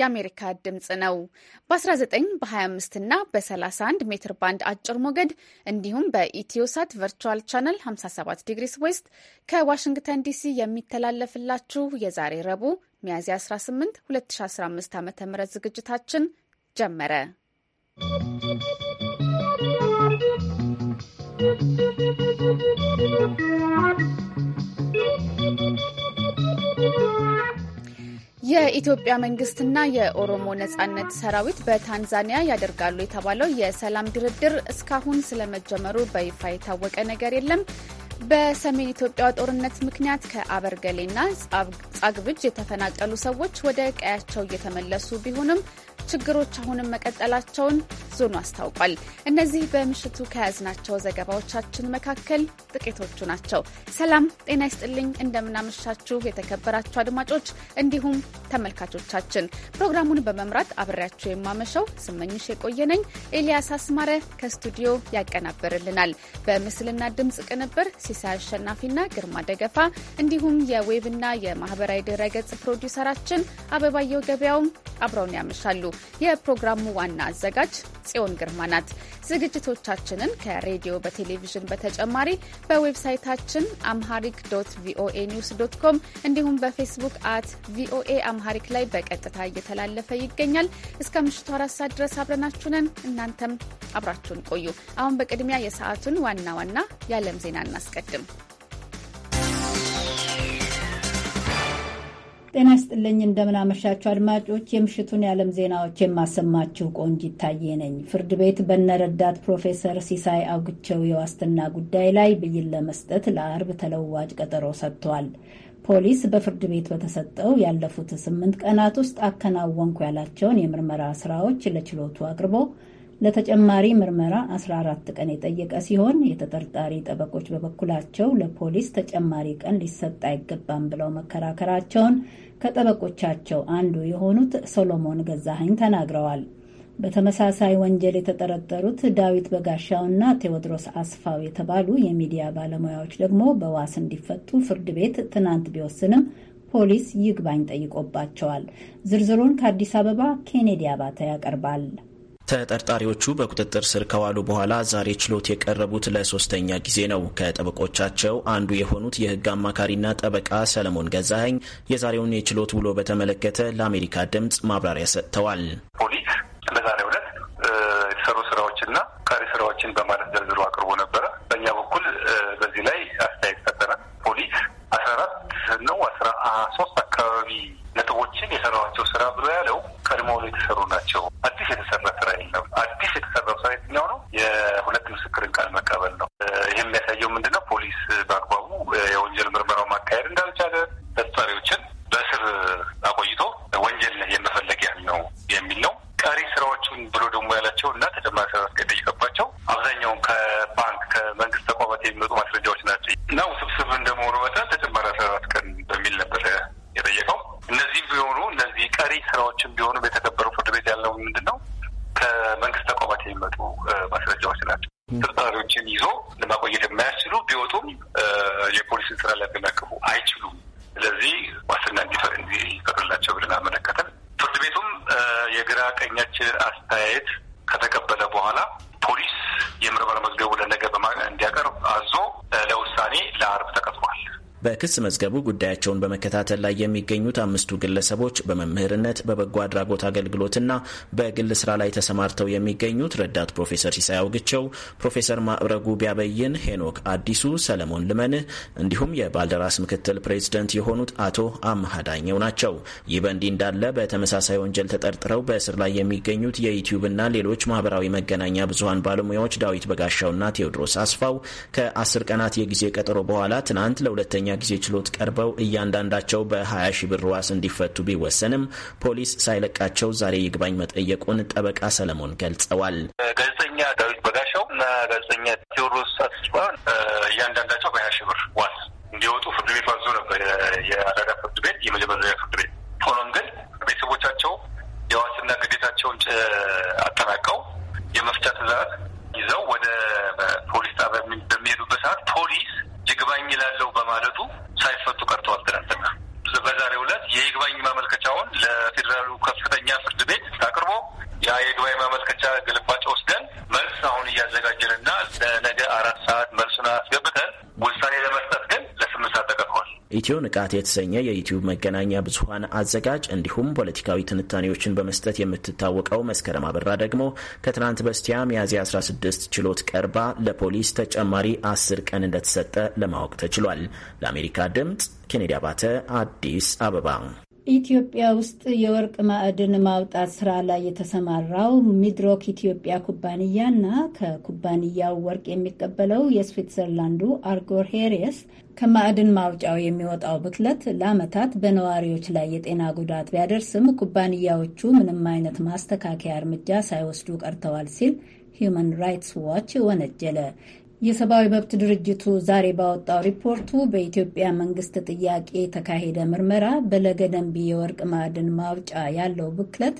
የአሜሪካ ድምፅ ነው። በ19 በ25 እና በ31 ሜትር ባንድ አጭር ሞገድ እንዲሁም በኢትዮሳት ቨርቹዋል ቻነል 57 ዲግሪስ ዌስት ከዋሽንግተን ዲሲ የሚተላለፍላችሁ የዛሬ ረቡዕ ሚያዝያ 18 2015 ዓ ም ዝግጅታችን ጀመረ። ¶¶ የኢትዮጵያ መንግስትና የኦሮሞ ነጻነት ሰራዊት በታንዛኒያ ያደርጋሉ የተባለው የሰላም ድርድር እስካሁን ስለመጀመሩ በይፋ የታወቀ ነገር የለም። በሰሜን ኢትዮጵያ ጦርነት ምክንያት ከአበርገሌና ጻግብጅ የተፈናቀሉ ሰዎች ወደ ቀያቸው እየተመለሱ ቢሆንም ችግሮች አሁንም መቀጠላቸውን ዞኑ አስታውቋል። እነዚህ በምሽቱ ከያዝናቸው ዘገባዎቻችን መካከል ጥቂቶቹ ናቸው። ሰላም ጤና ይስጥልኝ። እንደምናመሻችሁ የተከበራችሁ አድማጮች እንዲሁም ተመልካቾቻችን። ፕሮግራሙን በመምራት አብሬያችሁ የማመሸው ስመኝሽ የቆየነኝ። ኤልያስ አስማረ ከስቱዲዮ ያቀናበርልናል። በምስልና ድምፅ ቅንብር ሲሳይ አሸናፊና ግርማ ደገፋ እንዲሁም የዌብና የማህበራዊ ድረገጽ ፕሮዲውሰራችን አበባየው ገበያውም አብረውን ያመሻሉ። የፕሮግራሙ ዋና አዘጋጅ ጽዮን ግርማ ናት። ዝግጅቶቻችንን ከሬዲዮ በቴሌቪዥን በተጨማሪ በዌብሳይታችን አምሃሪክ ዶት ቪኦኤ ኒውስ ዶት ኮም እንዲሁም በፌስቡክ አት ቪኦኤ አምሃሪክ ላይ በቀጥታ እየተላለፈ ይገኛል። እስከ ምሽቱ አራት ሰዓት ድረስ አብረናችሁነን፣ እናንተም አብራችሁን ቆዩ። አሁን በቅድሚያ የሰዓቱን ዋና ዋና የዓለም ዜና እናስቀድም። ጤና ይስጥልኝ እንደምናመሻችሁ አድማጮች፣ የምሽቱን የዓለም ዜናዎች የማሰማችሁ ቆንጅ ይታየ ነኝ። ፍርድ ቤት በነረዳት ፕሮፌሰር ሲሳይ አውግቸው የዋስትና ጉዳይ ላይ ብይን ለመስጠት ለአርብ ተለዋጭ ቀጠሮ ሰጥቷል። ፖሊስ በፍርድ ቤት በተሰጠው ያለፉት ስምንት ቀናት ውስጥ አከናወንኩ ያላቸውን የምርመራ ስራዎች ለችሎቱ አቅርቦ ለተጨማሪ ምርመራ 14 ቀን የጠየቀ ሲሆን የተጠርጣሪ ጠበቆች በበኩላቸው ለፖሊስ ተጨማሪ ቀን ሊሰጥ አይገባም ብለው መከራከራቸውን ከጠበቆቻቸው አንዱ የሆኑት ሶሎሞን ገዛኸኝ ተናግረዋል። በተመሳሳይ ወንጀል የተጠረጠሩት ዳዊት በጋሻው እና ቴዎድሮስ አስፋው የተባሉ የሚዲያ ባለሙያዎች ደግሞ በዋስ እንዲፈቱ ፍርድ ቤት ትናንት ቢወስንም ፖሊስ ይግባኝ ጠይቆባቸዋል። ዝርዝሩን ከአዲስ አበባ ኬኔዲ አባተ ያቀርባል። ተጠርጣሪዎቹ በቁጥጥር ስር ከዋሉ በኋላ ዛሬ ችሎት የቀረቡት ለሶስተኛ ጊዜ ነው። ከጠበቆቻቸው አንዱ የሆኑት የህግ አማካሪና ጠበቃ ሰለሞን ገዛኸኝ የዛሬውን የችሎት ውሎ በተመለከተ ለአሜሪካ ድምፅ ማብራሪያ ሰጥተዋል። ፖሊስ ለዛሬው ዕለት የተሰሩ ስራዎችና ቀሪ ስራዎችን በማለት ዘርዝሮ አቅርቦ ነበረ። በእኛ በኩል በዚህ ላይ አስተያየት ሰጠናል። ፖሊስ አስራ አራት ነው አስራ ሶስት አካባቢ ነጥቦችን የሰራቸው ስራ ብሎ ያለው ቀድሞውኑ የተሰሩ ናቸው። የተሰራ ስራ ነው። አዲስ የተሰራው ስራ የትኛው ነው? የሁለት ምስክርን ቃል መቀበል ነው። ይህ የሚያሳየው ምንድን ነው? ፖሊስ በአግባቡ የወንጀል ምርመራው ማካሄድ እንዳልቻለ ተጠርጣሪዎችን በስር አቆይቶ ወንጀል የመፈለግ ያህል ነው የሚል ነው። ቀሪ ስራዎቹን ብሎ ደግሞ ያላቸው እና ተጨማሪ ስራ የጠየቀባቸው አብዛኛውን ከባንክ ከመንግስት ተቋማት የሚመጡ ማስረጃዎች ናቸው እና ውስብስብ እንደመሆኑ መጠን ተጨማሪ አስራ አራት ቀን በሚል ነበረ የጠየቀው። እነዚህም ቢሆኑ እነዚህ ቀሪ ስራዎችን ቢሆኑ የተከበሩ የሚወጡ ማስረጃዎች ናቸው። ተጠርጣሪዎችን ይዞ ለማቆየት የማያስችሉ ቢወጡም የፖሊስን ስራ ላይ በክስ መዝገቡ ጉዳያቸውን በመከታተል ላይ የሚገኙት አምስቱ ግለሰቦች በመምህርነት በበጎ አድራጎት አገልግሎትና በግል ስራ ላይ ተሰማርተው የሚገኙት ረዳት ፕሮፌሰር ሲሳይ አውግቸው፣ ፕሮፌሰር ማዕረጉ ቢያበይን፣ ሄኖክ አዲሱ፣ ሰለሞን ልመንህ እንዲሁም የባልደራስ ምክትል ፕሬዝደንት የሆኑት አቶ አምሃ ናቸው። ይህ በእንዲህ እንዳለ በተመሳሳይ ወንጀል ተጠርጥረው በእስር ላይ የሚገኙት ና ሌሎች ማህበራዊ መገናኛ ብዙሀን ባለሙያዎች ዳዊት በጋሻውና ቴዎድሮስ አስፋው ከአስር ቀናት የጊዜ ቀጠሮ በኋላ ትናንት ለሁለተኛ ጊዜ ጊዜ ችሎት ቀርበው እያንዳንዳቸው በ20 ሺ ብር ዋስ እንዲፈቱ ቢወሰንም ፖሊስ ሳይለቃቸው ዛሬ ይግባኝ መጠየቁን ጠበቃ ሰለሞን ገልጸዋል። ጋዜጠኛ ዳዊት በጋሻው እና ጋዜጠኛ ቴዎድሮስ አስባ እያንዳንዳቸው በ20 ሺ ብር ዋስ እንዲወጡ ፍርድ ቤት አዞ ነበር። የአራዳ ፍርድ ቤት የመጀመሪያ ፍርድ ቤት። ሆኖም ግን ቤተሰቦቻቸው የዋስና ግዴታቸውን አጠናቀው የመፍቻ ትዕዛዝ ይዘው ወደ ፖሊስ ጣቢያ በሚሄዱበት ሰዓት ፖሊስ ይግባኝ ላለው በማለቱ ሳይፈቱ ቀርተዋል። ትናንትና በዛሬው ዕለት የይግባኝ ማመልከቻውን ለፌዴራሉ ከፍተኛ ፍርድ ቤት አቅርቦ ያ የይግባኝ ማመልከቻ ግልባጭ ወስደን መልስ አሁን እያዘጋጀንና ለነገ አራት ሰዓት መልሱን አስገብተን ውሳኔ ለመ ኢትዮ ንቃት የተሰኘ የዩትዩብ መገናኛ ብዙሀን አዘጋጅ እንዲሁም ፖለቲካዊ ትንታኔዎችን በመስጠት የምትታወቀው መስከረም አበራ ደግሞ ከትናንት በስቲያ ሚያዝያ 16 ችሎት ቀርባ ለፖሊስ ተጨማሪ አስር ቀን እንደተሰጠ ለማወቅ ተችሏል። ለአሜሪካ ድምጽ ኬኔዲ አባተ አዲስ አበባ ኢትዮጵያ ውስጥ የወርቅ ማዕድን ማውጣት ስራ ላይ የተሰማራው ሚድሮክ ኢትዮጵያ ኩባንያና ከኩባንያው ወርቅ የሚቀበለው የስዊትዘርላንዱ አርጎር ሄሬስ ከማዕድን ማውጫው የሚወጣው ብክለት ለዓመታት በነዋሪዎች ላይ የጤና ጉዳት ቢያደርስም ኩባንያዎቹ ምንም አይነት ማስተካከያ እርምጃ ሳይወስዱ ቀርተዋል ሲል ሂዩማን ራይትስ ዋች ወነጀለ። የሰብአዊ መብት ድርጅቱ ዛሬ ባወጣው ሪፖርቱ በኢትዮጵያ መንግስት ጥያቄ የተካሄደ ምርመራ በለገደንቢ የወርቅ ማዕድን ማውጫ ያለው ብክለት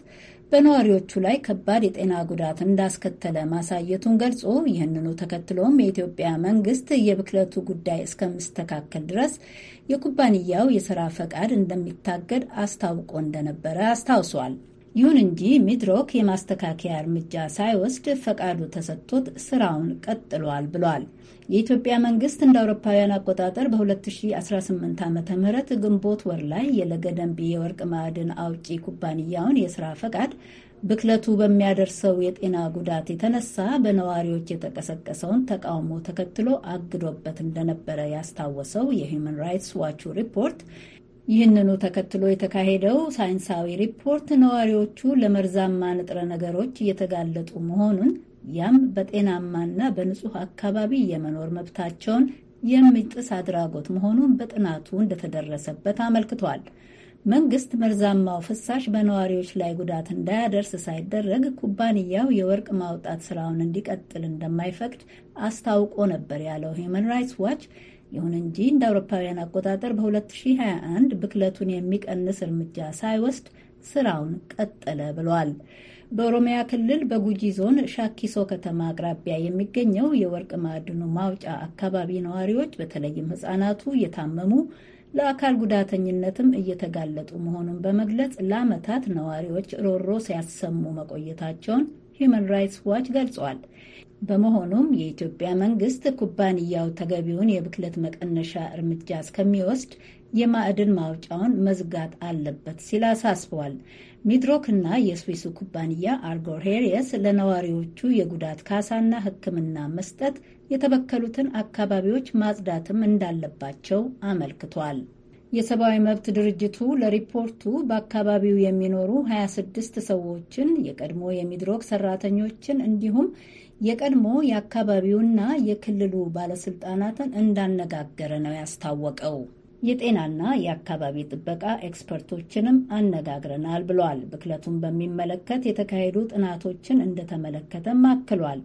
በነዋሪዎቹ ላይ ከባድ የጤና ጉዳት እንዳስከተለ ማሳየቱን ገልጾ ይህንኑ ተከትሎም የኢትዮጵያ መንግስት የብክለቱ ጉዳይ እስከሚስተካከል ድረስ የኩባንያው የስራ ፈቃድ እንደሚታገድ አስታውቆ እንደነበረ አስታውሷል። ይሁን እንጂ ሚድሮክ የማስተካከያ እርምጃ ሳይወስድ ፈቃዱ ተሰጥቶት ስራውን ቀጥሏል ብሏል። የኢትዮጵያ መንግስት እንደ አውሮፓውያን አቆጣጠር በ2018 ዓ ም ግንቦት ወር ላይ የለገደንቢ የወርቅ ማዕድን አውጪ ኩባንያውን የስራ ፈቃድ ብክለቱ በሚያደርሰው የጤና ጉዳት የተነሳ በነዋሪዎች የተቀሰቀሰውን ተቃውሞ ተከትሎ አግዶበት እንደነበረ ያስታወሰው የሁማን ራይትስ ዋቹ ሪፖርት ይህንኑ ተከትሎ የተካሄደው ሳይንሳዊ ሪፖርት ነዋሪዎቹ ለመርዛማ ንጥረ ነገሮች እየተጋለጡ መሆኑን ያም በጤናማና በንጹህ አካባቢ የመኖር መብታቸውን የሚጥስ አድራጎት መሆኑን በጥናቱ እንደተደረሰበት አመልክቷል። መንግስት መርዛማው ፍሳሽ በነዋሪዎች ላይ ጉዳት እንዳያደርስ ሳይደረግ ኩባንያው የወርቅ ማውጣት ስራውን እንዲቀጥል እንደማይፈቅድ አስታውቆ ነበር ያለው ሂውማን ራይትስ ዋች ይሁን እንጂ እንደ አውሮፓውያን አቆጣጠር በ2021 ብክለቱን የሚቀንስ እርምጃ ሳይወስድ ስራውን ቀጠለ ብሏል። በኦሮሚያ ክልል በጉጂ ዞን ሻኪሶ ከተማ አቅራቢያ የሚገኘው የወርቅ ማዕድኑ ማውጫ አካባቢ ነዋሪዎች በተለይም ሕጻናቱ እየታመሙ ለአካል ጉዳተኝነትም እየተጋለጡ መሆኑን በመግለጽ ለዓመታት ነዋሪዎች ሮሮ ሲያሰሙ መቆየታቸውን ሂዩማን ራይትስ ዋች ገልጿል። በመሆኑም የኢትዮጵያ መንግስት ኩባንያው ተገቢውን የብክለት መቀነሻ እርምጃ እስከሚወስድ የማዕድን ማውጫውን መዝጋት አለበት ሲል አሳስበዋል። ሚድሮክና የስዊሱ ኩባንያ አርጎር ሄሪየስ ለነዋሪዎቹ የጉዳት ካሳና ሕክምና መስጠት፣ የተበከሉትን አካባቢዎች ማጽዳትም እንዳለባቸው አመልክቷል። የሰብአዊ መብት ድርጅቱ ለሪፖርቱ በአካባቢው የሚኖሩ 26 ሰዎችን የቀድሞ የሚድሮክ ሰራተኞችን እንዲሁም የቀድሞ የአካባቢውና የክልሉ ባለስልጣናትን እንዳነጋገረ ነው ያስታወቀው። የጤናና የአካባቢ ጥበቃ ኤክስፐርቶችንም አነጋግረናል ብሏል። ብክለቱን በሚመለከት የተካሄዱ ጥናቶችን እንደተመለከተም አክሏል።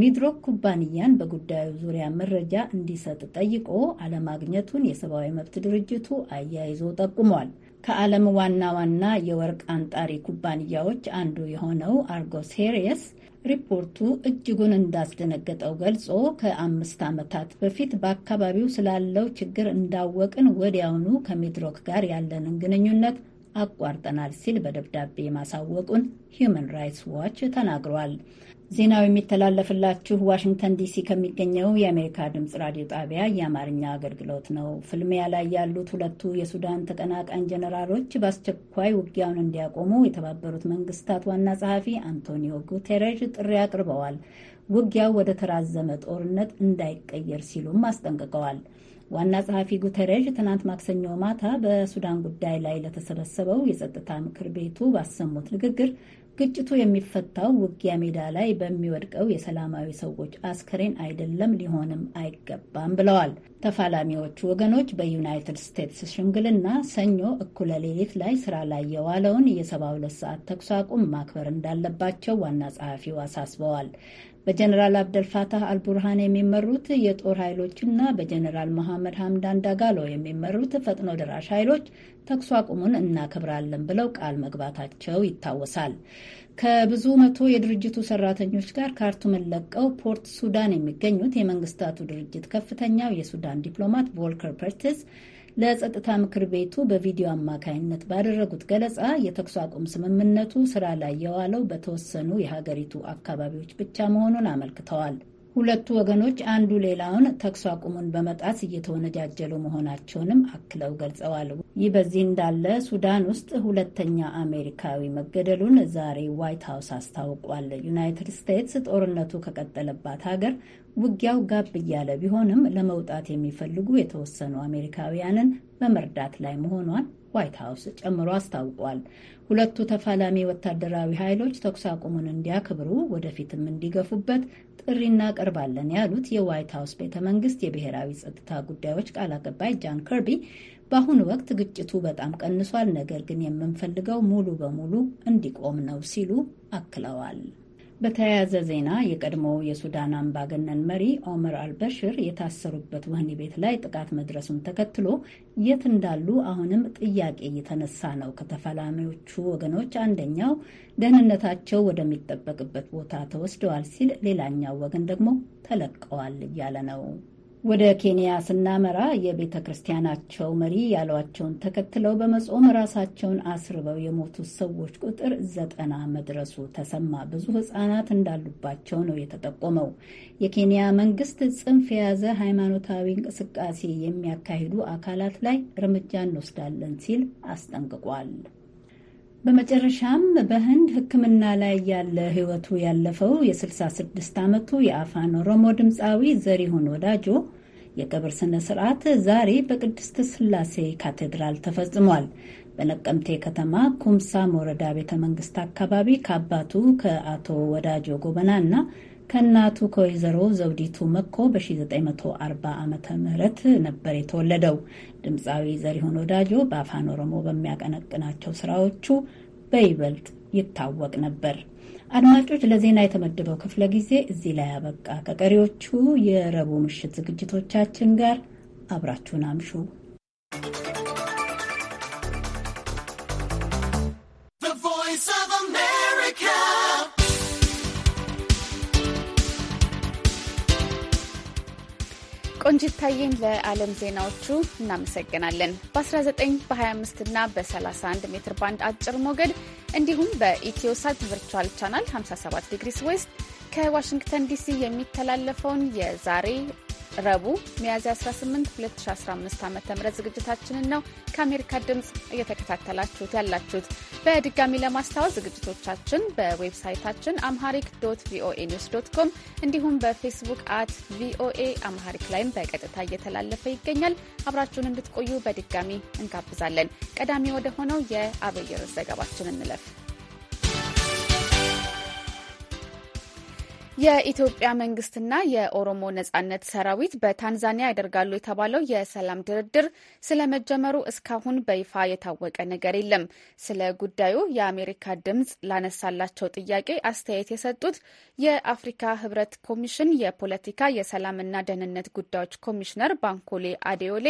ሚድሮክ ኩባንያን በጉዳዩ ዙሪያ መረጃ እንዲሰጥ ጠይቆ አለማግኘቱን የሰብአዊ መብት ድርጅቱ አያይዞ ጠቁሟል። ከዓለም ዋና ዋና የወርቅ አንጣሪ ኩባንያዎች አንዱ የሆነው አርጎስ ሄሪየስ ሪፖርቱ እጅጉን እንዳስደነገጠው ገልጾ ከአምስት ዓመታት በፊት በአካባቢው ስላለው ችግር እንዳወቅን ወዲያውኑ ከሚድሮክ ጋር ያለንን ግንኙነት አቋርጠናል ሲል በደብዳቤ ማሳወቁን ሂዩማን ራይትስ ዋች ተናግሯል። ዜናው የሚተላለፍላችሁ ዋሽንግተን ዲሲ ከሚገኘው የአሜሪካ ድምፅ ራዲዮ ጣቢያ የአማርኛ አገልግሎት ነው። ፍልሚያ ላይ ያሉት ሁለቱ የሱዳን ተቀናቃኝ ጀነራሎች በአስቸኳይ ውጊያውን እንዲያቆሙ የተባበሩት መንግስታት ዋና ጸሐፊ አንቶኒዮ ጉቴሬዥ ጥሪ አቅርበዋል። ውጊያው ወደ ተራዘመ ጦርነት እንዳይቀየር ሲሉም አስጠንቅቀዋል። ዋና ጸሐፊ ጉተሬዥ ትናንት ማክሰኞ ማታ በሱዳን ጉዳይ ላይ ለተሰበሰበው የጸጥታ ምክር ቤቱ ባሰሙት ንግግር ግጭቱ የሚፈታው ውጊያ ሜዳ ላይ በሚወድቀው የሰላማዊ ሰዎች አስከሬን አይደለም፣ ሊሆንም አይገባም ብለዋል። ተፋላሚዎቹ ወገኖች በዩናይትድ ስቴትስ ሽምግልና ሰኞ እኩለ ሌሊት ላይ ስራ ላይ የዋለውን የ72 ሰዓት ተኩስ አቁም ማክበር እንዳለባቸው ዋና ጸሐፊው አሳስበዋል። በጀኔራል አብደልፋታህ አልቡርሃን የሚመሩት የጦር ኃይሎችና በጀኔራል መሐመድ ሐምዳን ዳጋሎ የሚመሩት ፈጥኖ ደራሽ ኃይሎች ተኩስ አቁሙን እናከብራለን ብለው ቃል መግባታቸው ይታወሳል። ከብዙ መቶ የድርጅቱ ሰራተኞች ጋር ካርቱምን ለቀው ፖርት ሱዳን የሚገኙት የመንግስታቱ ድርጅት ከፍተኛው የሱዳን ዲፕሎማት ቮልከር ፐርትስ ለጸጥታ ምክር ቤቱ በቪዲዮ አማካይነት ባደረጉት ገለጻ የተኩስ አቁም ስምምነቱ ስራ ላይ የዋለው በተወሰኑ የሀገሪቱ አካባቢዎች ብቻ መሆኑን አመልክተዋል። ሁለቱ ወገኖች አንዱ ሌላውን ተኩስ አቁሙን በመጣስ እየተወነጃጀሉ መሆናቸውንም አክለው ገልጸዋል። ይህ በዚህ እንዳለ ሱዳን ውስጥ ሁለተኛ አሜሪካዊ መገደሉን ዛሬ ዋይት ሀውስ አስታውቋል። ዩናይትድ ስቴትስ ጦርነቱ ከቀጠለባት ሀገር ውጊያው ጋብ እያለ ቢሆንም ለመውጣት የሚፈልጉ የተወሰኑ አሜሪካውያንን በመርዳት ላይ መሆኗን ዋይት ሀውስ ጨምሮ አስታውቋል። ሁለቱ ተፋላሚ ወታደራዊ ኃይሎች ተኩስ አቁሙን እንዲያክብሩ ወደፊትም እንዲገፉበት ጥሪ እናቀርባለን ያሉት የዋይት ሀውስ ቤተ መንግስት የብሔራዊ ጸጥታ ጉዳዮች ቃል አቀባይ ጃን ከርቢ በአሁኑ ወቅት ግጭቱ በጣም ቀንሷል፣ ነገር ግን የምንፈልገው ሙሉ በሙሉ እንዲቆም ነው ሲሉ አክለዋል። በተያያዘ ዜና የቀድሞው የሱዳን አምባገነን መሪ ኦመር አልበሽር የታሰሩበት ወህኒ ቤት ላይ ጥቃት መድረሱን ተከትሎ የት እንዳሉ አሁንም ጥያቄ እየተነሳ ነው። ከተፋላሚዎቹ ወገኖች አንደኛው ደህንነታቸው ወደሚጠበቅበት ቦታ ተወስደዋል ሲል፣ ሌላኛው ወገን ደግሞ ተለቀዋል እያለ ነው። ወደ ኬንያ ስናመራ የቤተ ክርስቲያናቸው መሪ ያሏቸውን ተከትለው በመጾም ራሳቸውን አስርበው የሞቱት ሰዎች ቁጥር ዘጠና መድረሱ ተሰማ። ብዙ ሕጻናት እንዳሉባቸው ነው የተጠቆመው። የኬንያ መንግስት ጽንፍ የያዘ ሃይማኖታዊ እንቅስቃሴ የሚያካሂዱ አካላት ላይ እርምጃ እንወስዳለን ሲል አስጠንቅቋል። በመጨረሻም በህንድ ሕክምና ላይ ያለ ህይወቱ ያለፈው የ66 ዓመቱ የአፋን ኦሮሞ ድምፃዊ ዘሪሁን ወዳጆ የቀብር ስነ ስርዓት ዛሬ በቅድስት ስላሴ ካቴድራል ተፈጽሟል። በነቀምቴ ከተማ ኩምሳ ወረዳ ቤተ መንግስት አካባቢ ከአባቱ ከአቶ ወዳጆ ጎበና እና ከእናቱ ከወይዘሮ ዘውዲቱ መኮ በ1940 ዓ ም ነበር የተወለደው። ድምፃዊ ዘሪሁን ወዳጆ በአፋን ኦሮሞ በሚያቀነቅናቸው ስራዎቹ በይበልጥ ይታወቅ ነበር። አድማጮች፣ ለዜና የተመደበው ክፍለ ጊዜ እዚህ ላይ አበቃ። ከቀሪዎቹ የረቡዕ ምሽት ዝግጅቶቻችን ጋር አብራችሁን አምሹ። ቆንጂታዬን ለዓለም ዜናዎቹ እናመሰግናለን። በ19 በ25 እና በ31 ሜትር ባንድ አጭር ሞገድ እንዲሁም በኢትዮሳት ቨርቹዋል ቻናል 57 ዲግሪስ ዌስት ከዋሽንግተን ዲሲ የሚተላለፈውን የዛሬ ረቡዕ ሚያዝያ 18 2015 ዓ ም ዝግጅታችንን ነው ከአሜሪካ ድምፅ እየተከታተላችሁት ያላችሁት። በድጋሚ ለማስታወስ ዝግጅቶቻችን በዌብሳይታችን አምሃሪክ ዶት ቪኦኤ ኒውስ ዶት ኮም እንዲሁም በፌስቡክ አት ቪኦኤ አምሃሪክ ላይም በቀጥታ እየተላለፈ ይገኛል። አብራችሁን እንድትቆዩ በድጋሚ እንጋብዛለን። ቀዳሚ ወደ ሆነው የአበየር ዘገባችን እንለፍ። የኢትዮጵያ መንግስትና የኦሮሞ ነጻነት ሰራዊት በታንዛኒያ ያደርጋሉ የተባለው የሰላም ድርድር ስለመጀመሩ እስካሁን በይፋ የታወቀ ነገር የለም። ስለ ጉዳዩ የአሜሪካ ድምጽ ላነሳላቸው ጥያቄ አስተያየት የሰጡት የአፍሪካ ህብረት ኮሚሽን የፖለቲካ የሰላምና ደህንነት ጉዳዮች ኮሚሽነር ባንኮሌ አዴዮሌ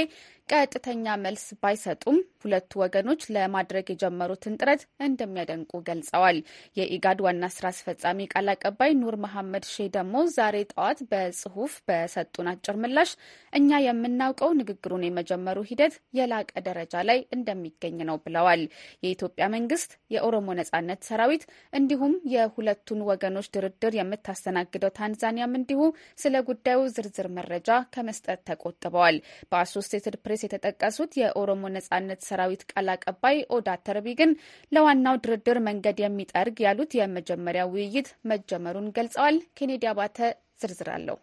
ቀጥተኛ መልስ ባይሰጡም ሁለቱ ወገኖች ለማድረግ የጀመሩትን ጥረት እንደሚያደንቁ ገልጸዋል። የኢጋድ ዋና ስራ አስፈጻሚ ቃል አቀባይ ኑር መሐመድ ሼህ ደግሞ ዛሬ ጠዋት በጽሁፍ በሰጡን አጭር ምላሽ እኛ የምናውቀው ንግግሩን የመጀመሩ ሂደት የላቀ ደረጃ ላይ እንደሚገኝ ነው ብለዋል። የኢትዮጵያ መንግስት፣ የኦሮሞ ነጻነት ሰራዊት እንዲሁም የሁለቱን ወገኖች ድርድር የምታስተናግደው ታንዛኒያም እንዲሁ ስለ ጉዳዩ ዝርዝር መረጃ ከመስጠት ተቆጥበዋል። በአሶሴትድ ፕሬስ በርዕስ የተጠቀሱት የኦሮሞ ነጻነት ሰራዊት ቃል አቀባይ ኦዳ ተርቢ ግን ለዋናው ድርድር መንገድ የሚጠርግ ያሉት የመጀመሪያ ውይይት መጀመሩን ገልጸዋል። ኬኔዲ አባተ ዝርዝር አለው።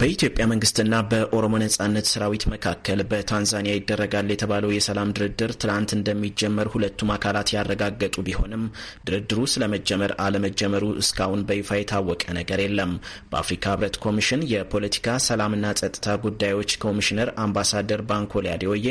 በኢትዮጵያ መንግስትና በኦሮሞ ነጻነት ሰራዊት መካከል በታንዛኒያ ይደረጋል የተባለው የሰላም ድርድር ትናንት እንደሚጀመር ሁለቱም አካላት ያረጋገጡ ቢሆንም ድርድሩ ስለመጀመር አለመጀመሩ እስካሁን በይፋ የታወቀ ነገር የለም። በአፍሪካ ህብረት ኮሚሽን የፖለቲካ ሰላምና ጸጥታ ጉዳዮች ኮሚሽነር አምባሳደር ባንኮሌ አዴዎዬ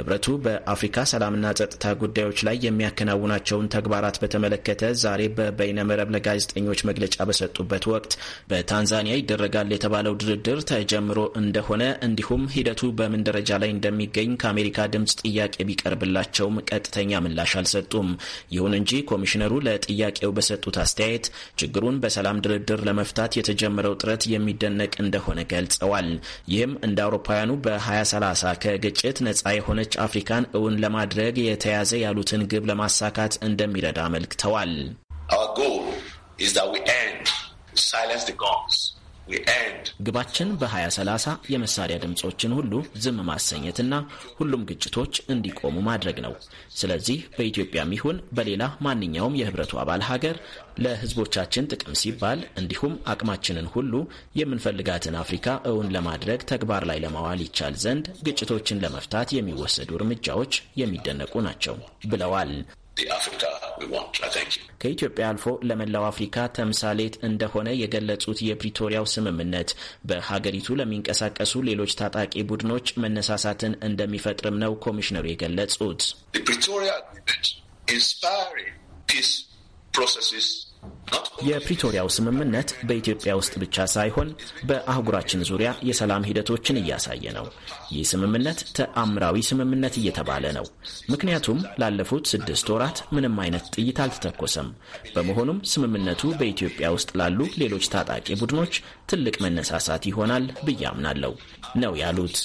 ህብረቱ በአፍሪካ ሰላምና ጸጥታ ጉዳዮች ላይ የሚያከናውናቸውን ተግባራት በተመለከተ ዛሬ በበይነመረብ ለጋዜጠኞች መግለጫ በሰጡበት ወቅት በታንዛኒያ ይደረጋል የተባለው ድርድር ድርድር ተጀምሮ እንደሆነ እንዲሁም ሂደቱ በምን ደረጃ ላይ እንደሚገኝ ከአሜሪካ ድምፅ ጥያቄ ቢቀርብላቸውም ቀጥተኛ ምላሽ አልሰጡም። ይሁን እንጂ ኮሚሽነሩ ለጥያቄው በሰጡት አስተያየት ችግሩን በሰላም ድርድር ለመፍታት የተጀመረው ጥረት የሚደነቅ እንደሆነ ገልጸዋል። ይህም እንደ አውሮፓውያኑ በ2030 ከግጭት ነጻ የሆነች አፍሪካን እውን ለማድረግ የተያዘ ያሉትን ግብ ለማሳካት እንደሚረዳ አመልክተዋል። ግባችን በ2030 የመሳሪያ ድምፆችን ሁሉ ዝም ማሰኘትና ሁሉም ግጭቶች እንዲቆሙ ማድረግ ነው። ስለዚህ በኢትዮጵያም ይሁን በሌላ ማንኛውም የህብረቱ አባል ሀገር ለህዝቦቻችን ጥቅም ሲባል እንዲሁም አቅማችንን ሁሉ የምንፈልጋትን አፍሪካ እውን ለማድረግ ተግባር ላይ ለማዋል ይቻል ዘንድ ግጭቶችን ለመፍታት የሚወሰዱ እርምጃዎች የሚደነቁ ናቸው ብለዋል። ከኢትዮጵያ አልፎ ለመላው አፍሪካ ተምሳሌት እንደሆነ የገለጹት የፕሪቶሪያው ስምምነት በሀገሪቱ ለሚንቀሳቀሱ ሌሎች ታጣቂ ቡድኖች መነሳሳትን እንደሚፈጥርም ነው ኮሚሽነሩ የገለጹት። የፕሪቶሪያው ስምምነት በኢትዮጵያ ውስጥ ብቻ ሳይሆን በአህጉራችን ዙሪያ የሰላም ሂደቶችን እያሳየ ነው። ይህ ስምምነት ተአምራዊ ስምምነት እየተባለ ነው። ምክንያቱም ላለፉት ስድስት ወራት ምንም አይነት ጥይት አልተተኮሰም። በመሆኑም ስምምነቱ በኢትዮጵያ ውስጥ ላሉ ሌሎች ታጣቂ ቡድኖች ትልቅ መነሳሳት ይሆናል ብዬ አምናለሁ ነው ያሉት።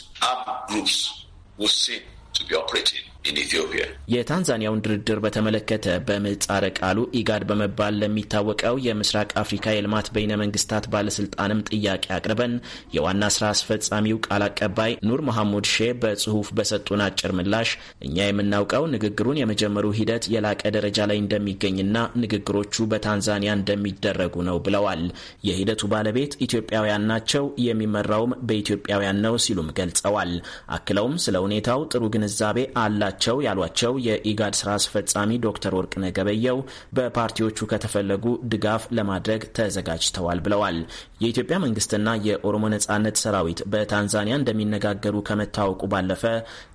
የታንዛኒያውን ድርድር በተመለከተ በምህጻረ ቃሉ ኢጋድ በመባል ለሚታወቀው የምስራቅ አፍሪካ የልማት በይነ መንግስታት ባለስልጣንም ጥያቄ አቅርበን የዋና ስራ አስፈጻሚው ቃል አቀባይ ኑር መሐሙድ ሼ በጽሁፍ በሰጡን አጭር ምላሽ እኛ የምናውቀው ንግግሩን የመጀመሩ ሂደት የላቀ ደረጃ ላይ እንደሚገኝና ንግግሮቹ በታንዛኒያ እንደሚደረጉ ነው ብለዋል። የሂደቱ ባለቤት ኢትዮጵያውያን ናቸው፣ የሚመራውም በኢትዮጵያውያን ነው ሲሉም ገልጸዋል። አክለውም ስለ ሁኔታው ጥሩ ግንዛቤ አላ ናቸው ያሏቸው የኢጋድ ስራ አስፈጻሚ ዶክተር ወርቅ ገበየው በፓርቲዎቹ ከተፈለጉ ድጋፍ ለማድረግ ተዘጋጅተዋል ብለዋል። የኢትዮጵያ መንግስትና የኦሮሞ ነጻነት ሰራዊት በታንዛኒያ እንደሚነጋገሩ ከመታወቁ ባለፈ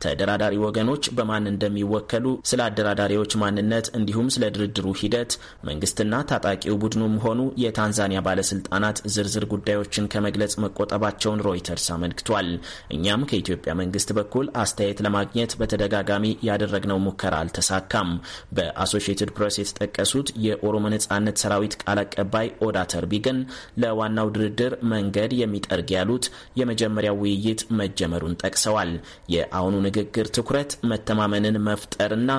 ተደራዳሪ ወገኖች በማን እንደሚወከሉ፣ ስለ አደራዳሪዎች ማንነት እንዲሁም ስለ ድርድሩ ሂደት መንግስትና ታጣቂው ቡድኑም ሆኑ የታንዛኒያ ባለስልጣናት ዝርዝር ጉዳዮችን ከመግለጽ መቆጠባቸውን ሮይተርስ አመልክቷል። እኛም ከኢትዮጵያ መንግስት በኩል አስተያየት ለማግኘት በተደጋጋሚ ያደረግነው ሙከራ አልተሳካም። በአሶሺየትድ ፕሬስ የተጠቀሱት የኦሮሞ ነጻነት ሰራዊት ቃል አቀባይ ኦዳ ተርቢ ግን ለዋናው ድርድር መንገድ የሚጠርግ ያሉት የመጀመሪያው ውይይት መጀመሩን ጠቅሰዋል። የአሁኑ ንግግር ትኩረት መተማመንን መፍጠርና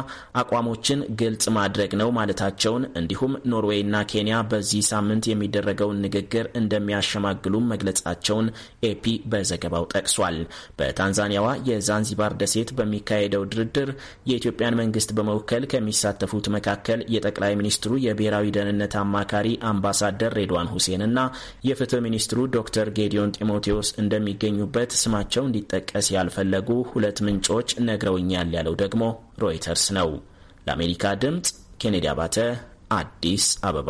አቋሞችን ግልጽ ማድረግ ነው ማለታቸውን እንዲሁም ኖርዌይና ኬንያ በዚህ ሳምንት የሚደረገውን ንግግር እንደሚያሸማግሉም መግለጻቸውን ኤፒ በዘገባው ጠቅሷል። በታንዛኒያዋ የዛንዚባር ደሴት በሚካሄደው ድርድር ድርድር የኢትዮጵያን መንግስት በመወከል ከሚሳተፉት መካከል የጠቅላይ ሚኒስትሩ የብሔራዊ ደህንነት አማካሪ አምባሳደር ሬድዋን ሁሴን እና የፍትህ ሚኒስትሩ ዶክተር ጌዲዮን ጢሞቴዎስ እንደሚገኙበት ስማቸው እንዲጠቀስ ያልፈለጉ ሁለት ምንጮች ነግረውኛል ያለው ደግሞ ሮይተርስ ነው። ለአሜሪካ ድምፅ ኬኔዲ አባተ አዲስ አበባ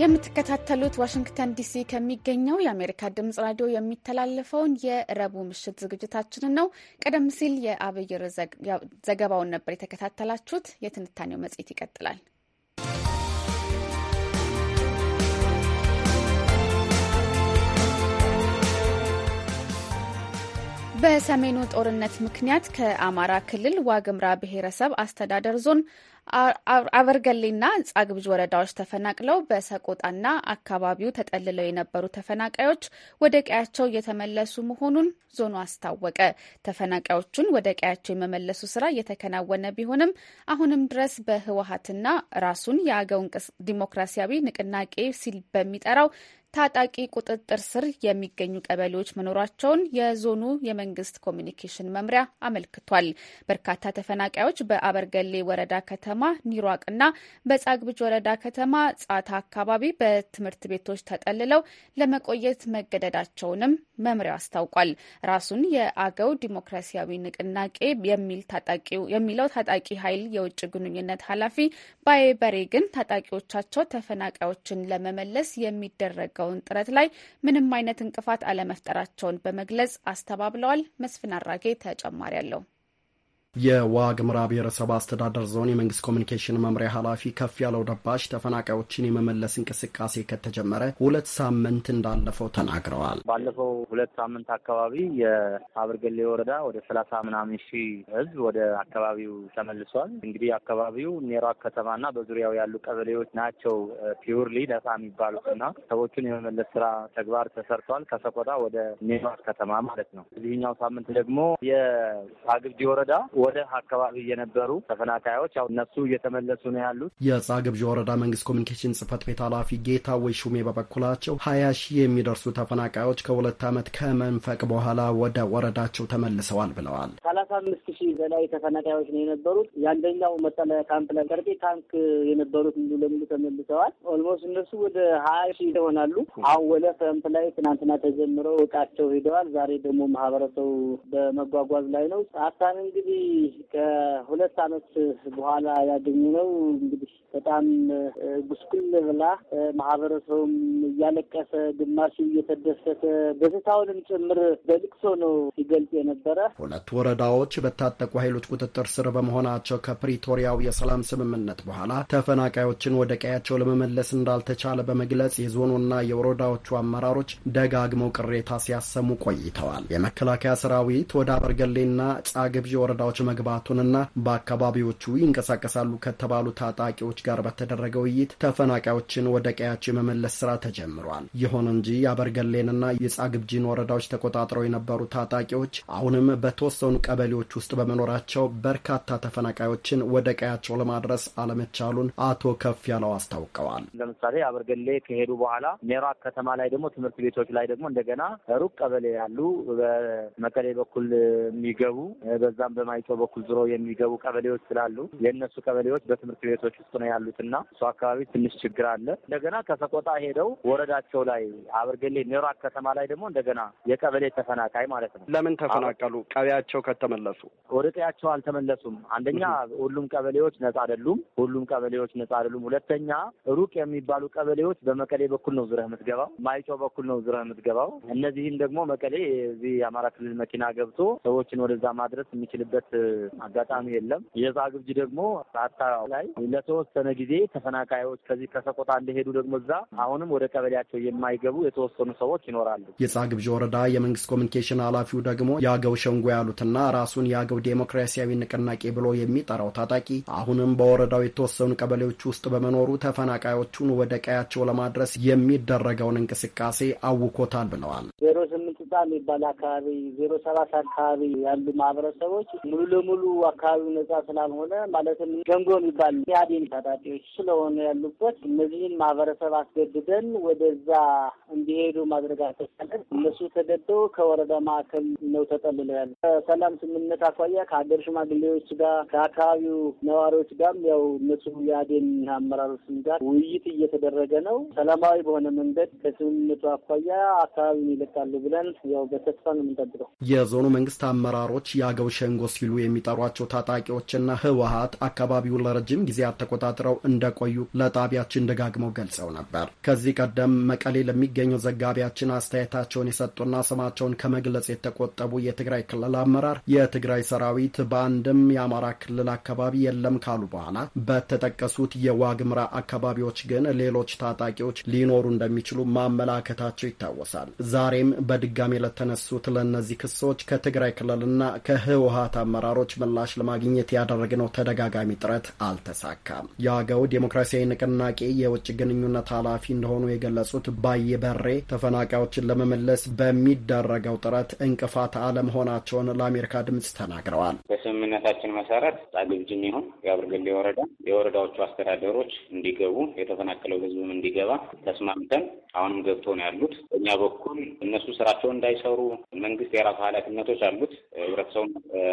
የምትከታተሉት ዋሽንግተን ዲሲ ከሚገኘው የአሜሪካ ድምጽ ራዲዮ የሚተላለፈውን የረቡ ምሽት ዝግጅታችንን ነው። ቀደም ሲል የአብይር ዘገባውን ነበር የተከታተላችሁት። የትንታኔው መጽሔት ይቀጥላል። በሰሜኑ ጦርነት ምክንያት ከአማራ ክልል ዋግምራ ብሔረሰብ አስተዳደር ዞን አበርገሌና ጻግብጅ ወረዳዎች ተፈናቅለው በሰቆጣና አካባቢው ተጠልለው የነበሩ ተፈናቃዮች ወደ ቀያቸው እየተመለሱ መሆኑን ዞኑ አስታወቀ። ተፈናቃዮቹን ወደ ቀያቸው የመመለሱ ስራ እየተከናወነ ቢሆንም አሁንም ድረስ በህወሀትና ራሱን የአገው ዲሞክራሲያዊ ንቅናቄ ሲል በሚጠራው ታጣቂ ቁጥጥር ስር የሚገኙ ቀበሌዎች መኖራቸውን የዞኑ የመንግስት ኮሚኒኬሽን መምሪያ አመልክቷል። በርካታ ተፈናቃዮች በአበርገሌ ወረዳ ከተማ ኒሯቅና በጻግብጅ ወረዳ ከተማ ጻታ አካባቢ በትምህርት ቤቶች ተጠልለው ለመቆየት መገደዳቸውንም መምሪያው አስታውቋል። ራሱን የአገው ዲሞክራሲያዊ ንቅናቄ የሚለው ታጣቂ ኃይል የውጭ ግንኙነት ኃላፊ ባይበሬ ግን ታጣቂዎቻቸው ተፈናቃዮችን ለመመለስ የሚደረግ። የሚያደርገውን ጥረት ላይ ምንም አይነት እንቅፋት አለመፍጠራቸውን በመግለጽ አስተባብለዋል። መስፍን አራጌ ተጨማሪ አለው። የዋግ ምራ ብሔረሰብ አስተዳደር ዞን የመንግስት ኮሚኒኬሽን መምሪያ ኃላፊ ከፍ ያለው ደባሽ ተፈናቃዮችን የመመለስ እንቅስቃሴ ከተጀመረ ሁለት ሳምንት እንዳለፈው ተናግረዋል። ባለፈው ሁለት ሳምንት አካባቢ የአብርገሌ ወረዳ ወደ ሰላሳ ምናምን ሺህ ህዝብ ወደ አካባቢው ተመልሷል። እንግዲህ አካባቢው ኔራ ከተማና በዙሪያው ያሉ ቀበሌዎች ናቸው ፒውርሊ ነጻ የሚባሉት እና ሰዎቹን የመመለስ ስራ ተግባር ተሰርቷል። ከሰቆጣ ወደ ኔራ ከተማ ማለት ነው። እዚህኛው ሳምንት ደግሞ የአግብዲ ወረዳ ወደ አካባቢ የነበሩ ተፈናቃዮች ያው እነሱ እየተመለሱ ነው ያሉት። የጻግብዣ ወረዳ መንግስት ኮሚኒኬሽን ጽህፈት ቤት ኃላፊ ጌታ ወይ ሹሜ በበኩላቸው ሀያ ሺህ የሚደርሱ ተፈናቃዮች ከሁለት ዓመት ከመንፈቅ በኋላ ወደ ወረዳቸው ተመልሰዋል ብለዋል። ሰላሳ አምስት ሺህ በላይ ተፈናቃዮች ነው የነበሩት። የአንደኛው መጠለያ ካምፕ ላይ ቀርጤ ካምፕ የነበሩት ሙሉ ለሙሉ ተመልሰዋል። ኦልሞስት እነሱ ወደ ሀያ ሺህ ይሆናሉ። አሁን ወደ ፈምፕ ላይ ትናንትና ተጀምረው እቃቸው ሂደዋል ዛሬ ደግሞ ማህበረሰቡ በመጓጓዝ ላይ ነው። አሳን እንግዲህ ከሁለት ዓመት በኋላ ነው። እንግዲህ በጣም ጉስቁል ብላ ማህበረሰቡም እያለቀሰ ግማሽ እየተደሰተ ደስታውንም ጭምር በልቅሶ ነው ሲገልጽ የነበረ። ሁለቱ ወረዳዎች በታጠቁ ኃይሎች ቁጥጥር ስር በመሆናቸው ከፕሪቶሪያው የሰላም ስምምነት በኋላ ተፈናቃዮችን ወደ ቀያቸው ለመመለስ እንዳልተቻለ በመግለጽ የዞኑና የወረዳዎቹ አመራሮች ደጋግመው ቅሬታ ሲያሰሙ ቆይተዋል። የመከላከያ ሰራዊት ወደ አበርገሌና ጻግብዥ ወረዳዎች መግባቱንና በአካባቢዎቹ ይንቀሳቀሳሉ ከተባሉ ታጣቂዎች ጋር በተደረገ ውይይት ተፈናቃዮችን ወደ ቀያቸው የመመለስ ስራ ተጀምሯል። ይሁን እንጂ የአበርገሌንና የጻግብጂን ወረዳዎች ተቆጣጥረው የነበሩ ታጣቂዎች አሁንም በተወሰኑ ቀበሌዎች ውስጥ በመኖራቸው በርካታ ተፈናቃዮችን ወደ ቀያቸው ለማድረስ አለመቻሉን አቶ ከፍ ያለው አስታውቀዋል። ለምሳሌ አበርገሌ ከሄዱ በኋላ ሜራ ከተማ ላይ ደግሞ ትምህርት ቤቶች ላይ ደግሞ እንደገና ሩቅ ቀበሌ ያሉ በመቀሌ በኩል የሚገቡ በዛም በማይ በወፍጮ በኩል ዙረው የሚገቡ ቀበሌዎች ስላሉ የእነሱ ቀበሌዎች በትምህርት ቤቶች ውስጥ ነው ያሉትና እሱ አካባቢ ትንሽ ችግር አለ። እንደገና ከሰቆጣ ሄደው ወረዳቸው ላይ አበርገሌ ሜራክ ከተማ ላይ ደግሞ እንደገና የቀበሌ ተፈናቃይ ማለት ነው። ለምን ተፈናቀሉ? ቀበያቸው ከተመለሱ ወደ ቀያቸው አልተመለሱም። አንደኛ ሁሉም ቀበሌዎች ነጻ አይደሉም። ሁሉም ቀበሌዎች ነጻ አይደሉም። ሁለተኛ ሩቅ የሚባሉ ቀበሌዎች በመቀሌ በኩል ነው ዙረህ የምትገባው፣ ማይጨው በኩል ነው ዙረህ የምትገባው። እነዚህም ደግሞ መቀሌ እዚህ የአማራ ክልል መኪና ገብቶ ሰዎችን ወደዛ ማድረስ የሚችልበት አጋጣሚ የለም። የዛ ግብጅ ደግሞ ራታ ላይ ለተወሰነ ጊዜ ተፈናቃዮች ከዚህ ከሰቆጣ እንደሄዱ ደግሞ እዛ አሁንም ወደ ቀበሌያቸው የማይገቡ የተወሰኑ ሰዎች ይኖራሉ። የጻ ግብዣ ወረዳ የመንግስት ኮሚኒኬሽን ኃላፊው ደግሞ የአገው ሸንጎ ያሉትና ራሱን የአገው ዴሞክራሲያዊ ንቅናቄ ብሎ የሚጠራው ታጣቂ አሁንም በወረዳው የተወሰኑ ቀበሌዎች ውስጥ በመኖሩ ተፈናቃዮቹን ወደ ቀያቸው ለማድረስ የሚደረገውን እንቅስቃሴ አውኮታል ብለዋል። ዜሮ ስምንት ጣ የሚባል አካባቢ ዜሮ ሰባት አካባቢ ያሉ ማህበረሰቦች ሙሉ ለሙሉ አካባቢው ነጻ ስላልሆነ ማለትም ገንጎ የሚባል ኢህአዴን ታጣቂዎች ስለሆነ ያሉበት እነዚህን ማህበረሰብ አስገድደን ወደዛ እንዲሄዱ ማድረግ አልተቻለም። እነሱ ተገደው ከወረዳ ማዕከል ነው ተጠልለው ያሉ። ከሰላም ስምምነት አኳያ ከሀገር ሽማግሌዎች ጋር ከአካባቢው ነዋሪዎች ጋርም ያው እነሱ ኢህአዴን አመራሮች ጋር ውይይት እየተደረገ ነው። ሰላማዊ በሆነ መንገድ ከስምምነቱ አኳያ አካባቢውን ይለቃሉ ብለን ያው በተስፋ ነው የምንጠብቀው። የዞኑ መንግስት አመራሮች የአገው ሸንጎ ሲሉ ሲሉ የሚጠሯቸው ታጣቂዎችና ህወሀት አካባቢውን ለረጅም ጊዜያት ተቆጣጥረው እንደቆዩ ለጣቢያችን ደጋግመው ገልጸው ነበር። ከዚህ ቀደም መቀሌ ለሚገኘው ዘጋቢያችን አስተያየታቸውን የሰጡና ስማቸውን ከመግለጽ የተቆጠቡ የትግራይ ክልል አመራር የትግራይ ሰራዊት በአንድም የአማራ ክልል አካባቢ የለም ካሉ በኋላ በተጠቀሱት የዋግምራ አካባቢዎች ግን ሌሎች ታጣቂዎች ሊኖሩ እንደሚችሉ ማመላከታቸው ይታወሳል። ዛሬም በድጋሚ ለተነሱት ለእነዚህ ክሶች ከትግራይ ክልልና ከህወሀት አመራር አመራሮች ምላሽ ለማግኘት ያደረግነው ተደጋጋሚ ጥረት አልተሳካም። የአገው ዴሞክራሲያዊ ንቅናቄ የውጭ ግንኙነት ኃላፊ እንደሆኑ የገለጹት ባየ በሬ ተፈናቃዮችን ለመመለስ በሚደረገው ጥረት እንቅፋት አለመሆናቸውን ለአሜሪካ ድምፅ ተናግረዋል። በስምምነታችን መሰረት ጣግብጅም ይሁን የአብርግሌ ወረዳ የወረዳዎቹ አስተዳደሮች እንዲገቡ የተፈናቀለው ህዝብም እንዲገባ ተስማምተን አሁንም ገብቶ ነው ያሉት። በእኛ በኩል እነሱ ስራቸውን እንዳይሰሩ መንግስት የራሱ ኃላፊነቶች አሉት። ህብረተሰቡን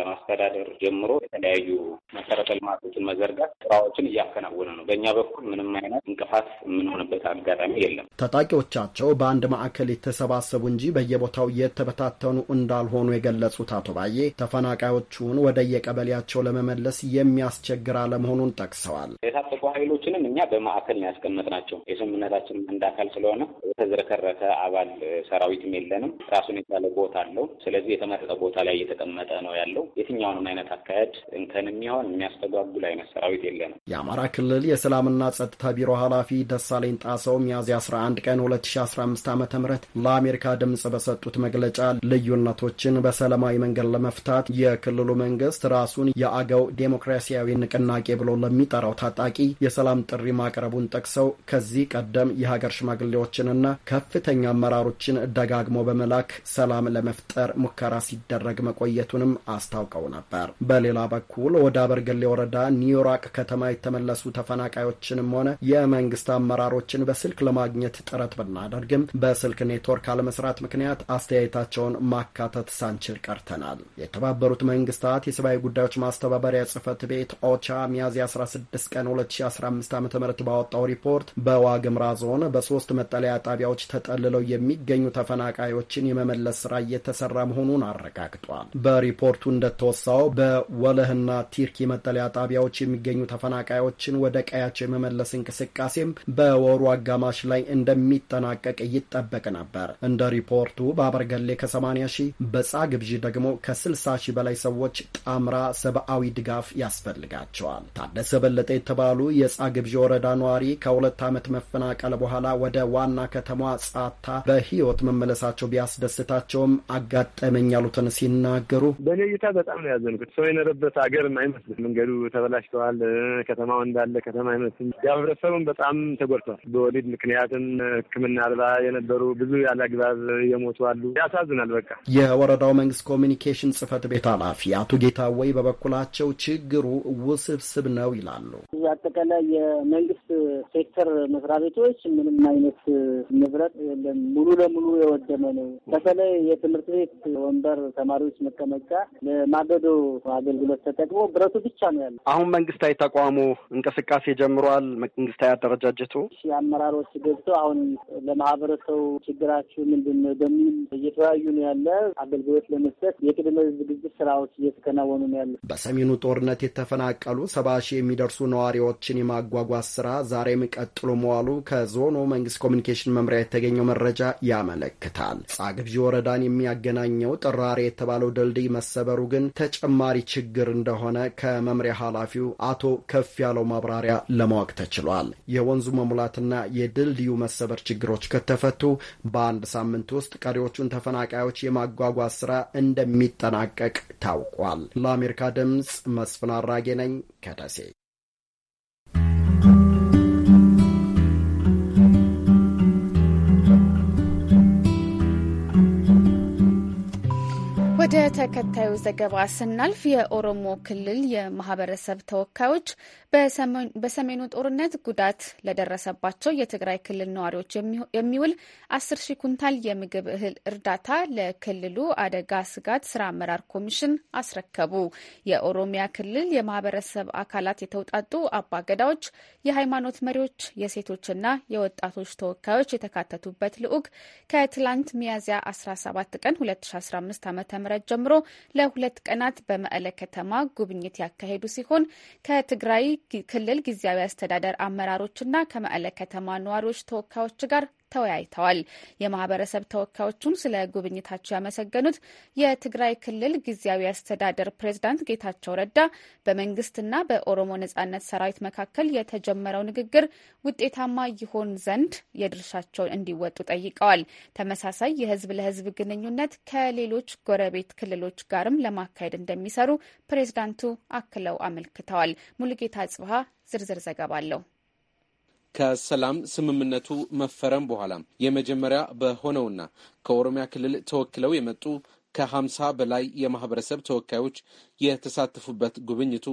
ማስተ አስተዳደር ጀምሮ የተለያዩ መሰረተ ልማቶችን መዘርጋት ስራዎችን እያከናወነ ነው። በእኛ በኩል ምንም አይነት እንቅፋት የምንሆንበት አጋጣሚ የለም። ታጣቂዎቻቸው በአንድ ማዕከል የተሰባሰቡ እንጂ በየቦታው የተበታተኑ እንዳልሆኑ የገለጹት አቶ ባዬ ተፈናቃዮቹን ወደ የቀበሌያቸው ለመመለስ የሚያስቸግር አለመሆኑን ጠቅሰዋል። የታጠቁ ኃይሎችንም እኛ በማዕከል ነው ያስቀመጥናቸው። የስምምነታችን አንድ አካል ስለሆነ የተዝረከረከ አባል ሰራዊትም የለንም። ራሱን የቻለ ቦታ አለው። ስለዚህ የተመረጠ ቦታ ላይ እየተቀመጠ ነው ያለው። የትኛው የትኛውንም አይነት አካሄድ እንከን የሚሆን የሚያስተጓጉል አይነት ሰራዊት የለንም። የአማራ ክልል የሰላምና ጸጥታ ቢሮ ኃላፊ ደሳለኝ ጣሰው ሚያዝያ 11 ቀን 2015 ዓ ም ለአሜሪካ ድምፅ በሰጡት መግለጫ ልዩነቶችን በሰላማዊ መንገድ ለመፍታት የክልሉ መንግስት ራሱን የአገው ዴሞክራሲያዊ ንቅናቄ ብሎ ለሚጠራው ታጣቂ የሰላም ጥሪ ማቅረቡን ጠቅሰው ከዚህ ቀደም የሀገር ሽማግሌዎችንና ከፍተኛ አመራሮችን ደጋግሞ በመላክ ሰላም ለመፍጠር ሙከራ ሲደረግ መቆየቱንም አስታውቀውናል። ነበር። በሌላ በኩል ወደ አበርገሌ ወረዳ ኒውራቅ ከተማ የተመለሱ ተፈናቃዮችንም ሆነ የመንግስት አመራሮችን በስልክ ለማግኘት ጥረት ብናደርግም በስልክ ኔትወርክ አለመስራት ምክንያት አስተያየታቸውን ማካተት ሳንችል ቀርተናል። የተባበሩት መንግስታት የሰብአዊ ጉዳዮች ማስተባበሪያ ጽህፈት ቤት ኦቻ ሚያዝያ 16 ቀን 2015 ዓ ም ባወጣው ሪፖርት በዋግምራ ዞን በሶስት መጠለያ ጣቢያዎች ተጠልለው የሚገኙ ተፈናቃዮችን የመመለስ ስራ እየተሰራ መሆኑን አረጋግጧል። በሪፖርቱ እንደተወሰ የተነሳው በወለህና ቲርኪ መጠለያ ጣቢያዎች የሚገኙ ተፈናቃዮችን ወደ ቀያቸው የመመለስ እንቅስቃሴም በወሩ አጋማሽ ላይ እንደሚጠናቀቅ ይጠበቅ ነበር። እንደ ሪፖርቱ በአበርገሌ ከ80 ሺህ በጻ ግብዥ ደግሞ ከ60 ሺህ በላይ ሰዎች ጣምራ ሰብአዊ ድጋፍ ያስፈልጋቸዋል። ታደሰ በለጠ የተባሉ የጻ ግብዥ ወረዳ ነዋሪ ከሁለት ዓመት መፈናቀል በኋላ ወደ ዋና ከተማ ጻታ በህይወት መመለሳቸው ቢያስደስታቸውም አጋጠመኝ ያሉትን ሲናገሩ በእኔ እይታ በጣም ነው ያዘንኩት። ሰው የኖረበት ሀገር አይመስልም። መንገዱ ተበላሽተዋል። ከተማው እንዳለ ከተማ አይመስልም። ያው በጣም ተጎድቷል። በወሊድ ምክንያትም ሕክምና አልባ የነበሩ ብዙ ያለ አግባብ የሞቱ አሉ። ያሳዝናል። በቃ የወረዳው መንግስት ኮሚኒኬሽን ጽህፈት ቤት ኃላፊ አቶ ጌታ ወይ በበኩላቸው ችግሩ ውስብስብ ነው ይላሉ። አጠቃላይ የመንግስት ሴክተር መስሪያ ቤቶች ምንም አይነት ንብረት የለም፣ ሙሉ ለሙሉ የወደመ ነው። በተለይ የትምህርት ቤት ወንበር ተማሪዎች መቀመጫ ለማገዶ አገልግሎት ተጠቅሞ ብረቱ ብቻ ነው ያለው። አሁን መንግስታዊ ተቋሙ እንቅስቃሴ ጀምሯል። መንግስታዊ አደረጃጀቱ አመራሮች ገብቶ አሁን ለማህበረሰቡ ችግራችሁ ምንድን ነው በሚል እየተወያዩ ነው ያለ። አገልግሎት ለመስጠት የቅድመ ዝግጅት ስራዎች እየተከናወኑ ነው ያለ። በሰሜኑ ጦርነት የተፈናቀሉ ሰባ ሺህ የሚደርሱ ነዋሪዎችን የማጓጓዝ ስራ ዛሬም ቀጥሎ መዋሉ ከዞኑ መንግስት ኮሚኒኬሽን መምሪያ የተገኘው መረጃ ያመለክታል። ጻግብዢ ወረዳን የሚያገናኘው ጥራሬ የተባለው ድልድይ መሰበሩ ግን ተጨ ተጨማሪ ችግር እንደሆነ ከመምሪያ ኃላፊው አቶ ከፍ ያለው ማብራሪያ ለማወቅ ተችሏል። የወንዙ መሙላትና የድልድዩ መሰበር ችግሮች ከተፈቱ በአንድ ሳምንት ውስጥ ቀሪዎቹን ተፈናቃዮች የማጓጓዝ ስራ እንደሚጠናቀቅ ታውቋል። ለአሜሪካ ድምፅ መስፍን አራጌ ነኝ ከደሴ። ወደ ተከታዩ ዘገባ ስናልፍ የኦሮሞ ክልል የማህበረሰብ ተወካዮች በሰሜኑ ጦርነት ጉዳት ለደረሰባቸው የትግራይ ክልል ነዋሪዎች የሚውል አስር ሺህ ኩንታል የምግብ እህል እርዳታ ለክልሉ አደጋ ስጋት ስራ አመራር ኮሚሽን አስረከቡ። የኦሮሚያ ክልል የማህበረሰብ አካላት የተውጣጡ አባገዳዎች፣ የሃይማኖት መሪዎች፣ የሴቶችና የወጣቶች ተወካዮች የተካተቱበት ልዑክ ከትላንት ሚያዝያ 17 ቀን 2015 ም ጀምሮ ለሁለት ቀናት በመቀለ ከተማ ጉብኝት ያካሄዱ ሲሆን ከትግራይ ክልል ጊዜያዊ አስተዳደር አመራሮችና ከመቀለ ከተማ ነዋሪዎች ተወካዮች ጋር ተወያይተዋል። የማህበረሰብ ተወካዮቹን ስለ ጉብኝታቸው ያመሰገኑት የትግራይ ክልል ጊዜያዊ አስተዳደር ፕሬዝዳንት ጌታቸው ረዳ በመንግስትና በኦሮሞ ነጻነት ሰራዊት መካከል የተጀመረው ንግግር ውጤታማ ይሆን ዘንድ የድርሻቸውን እንዲወጡ ጠይቀዋል። ተመሳሳይ የህዝብ ለህዝብ ግንኙነት ከሌሎች ጎረቤት ክልሎች ጋርም ለማካሄድ እንደሚሰሩ ፕሬዝዳንቱ አክለው አመልክተዋል። ሙሉጌታ ጽብሃ ዝርዝር ዘገባ አለው። ከሰላም ስምምነቱ መፈረም በኋላ የመጀመሪያ በሆነውና ከኦሮሚያ ክልል ተወክለው የመጡ ከሀምሳ በላይ የማህበረሰብ ተወካዮች የተሳተፉበት ጉብኝቱ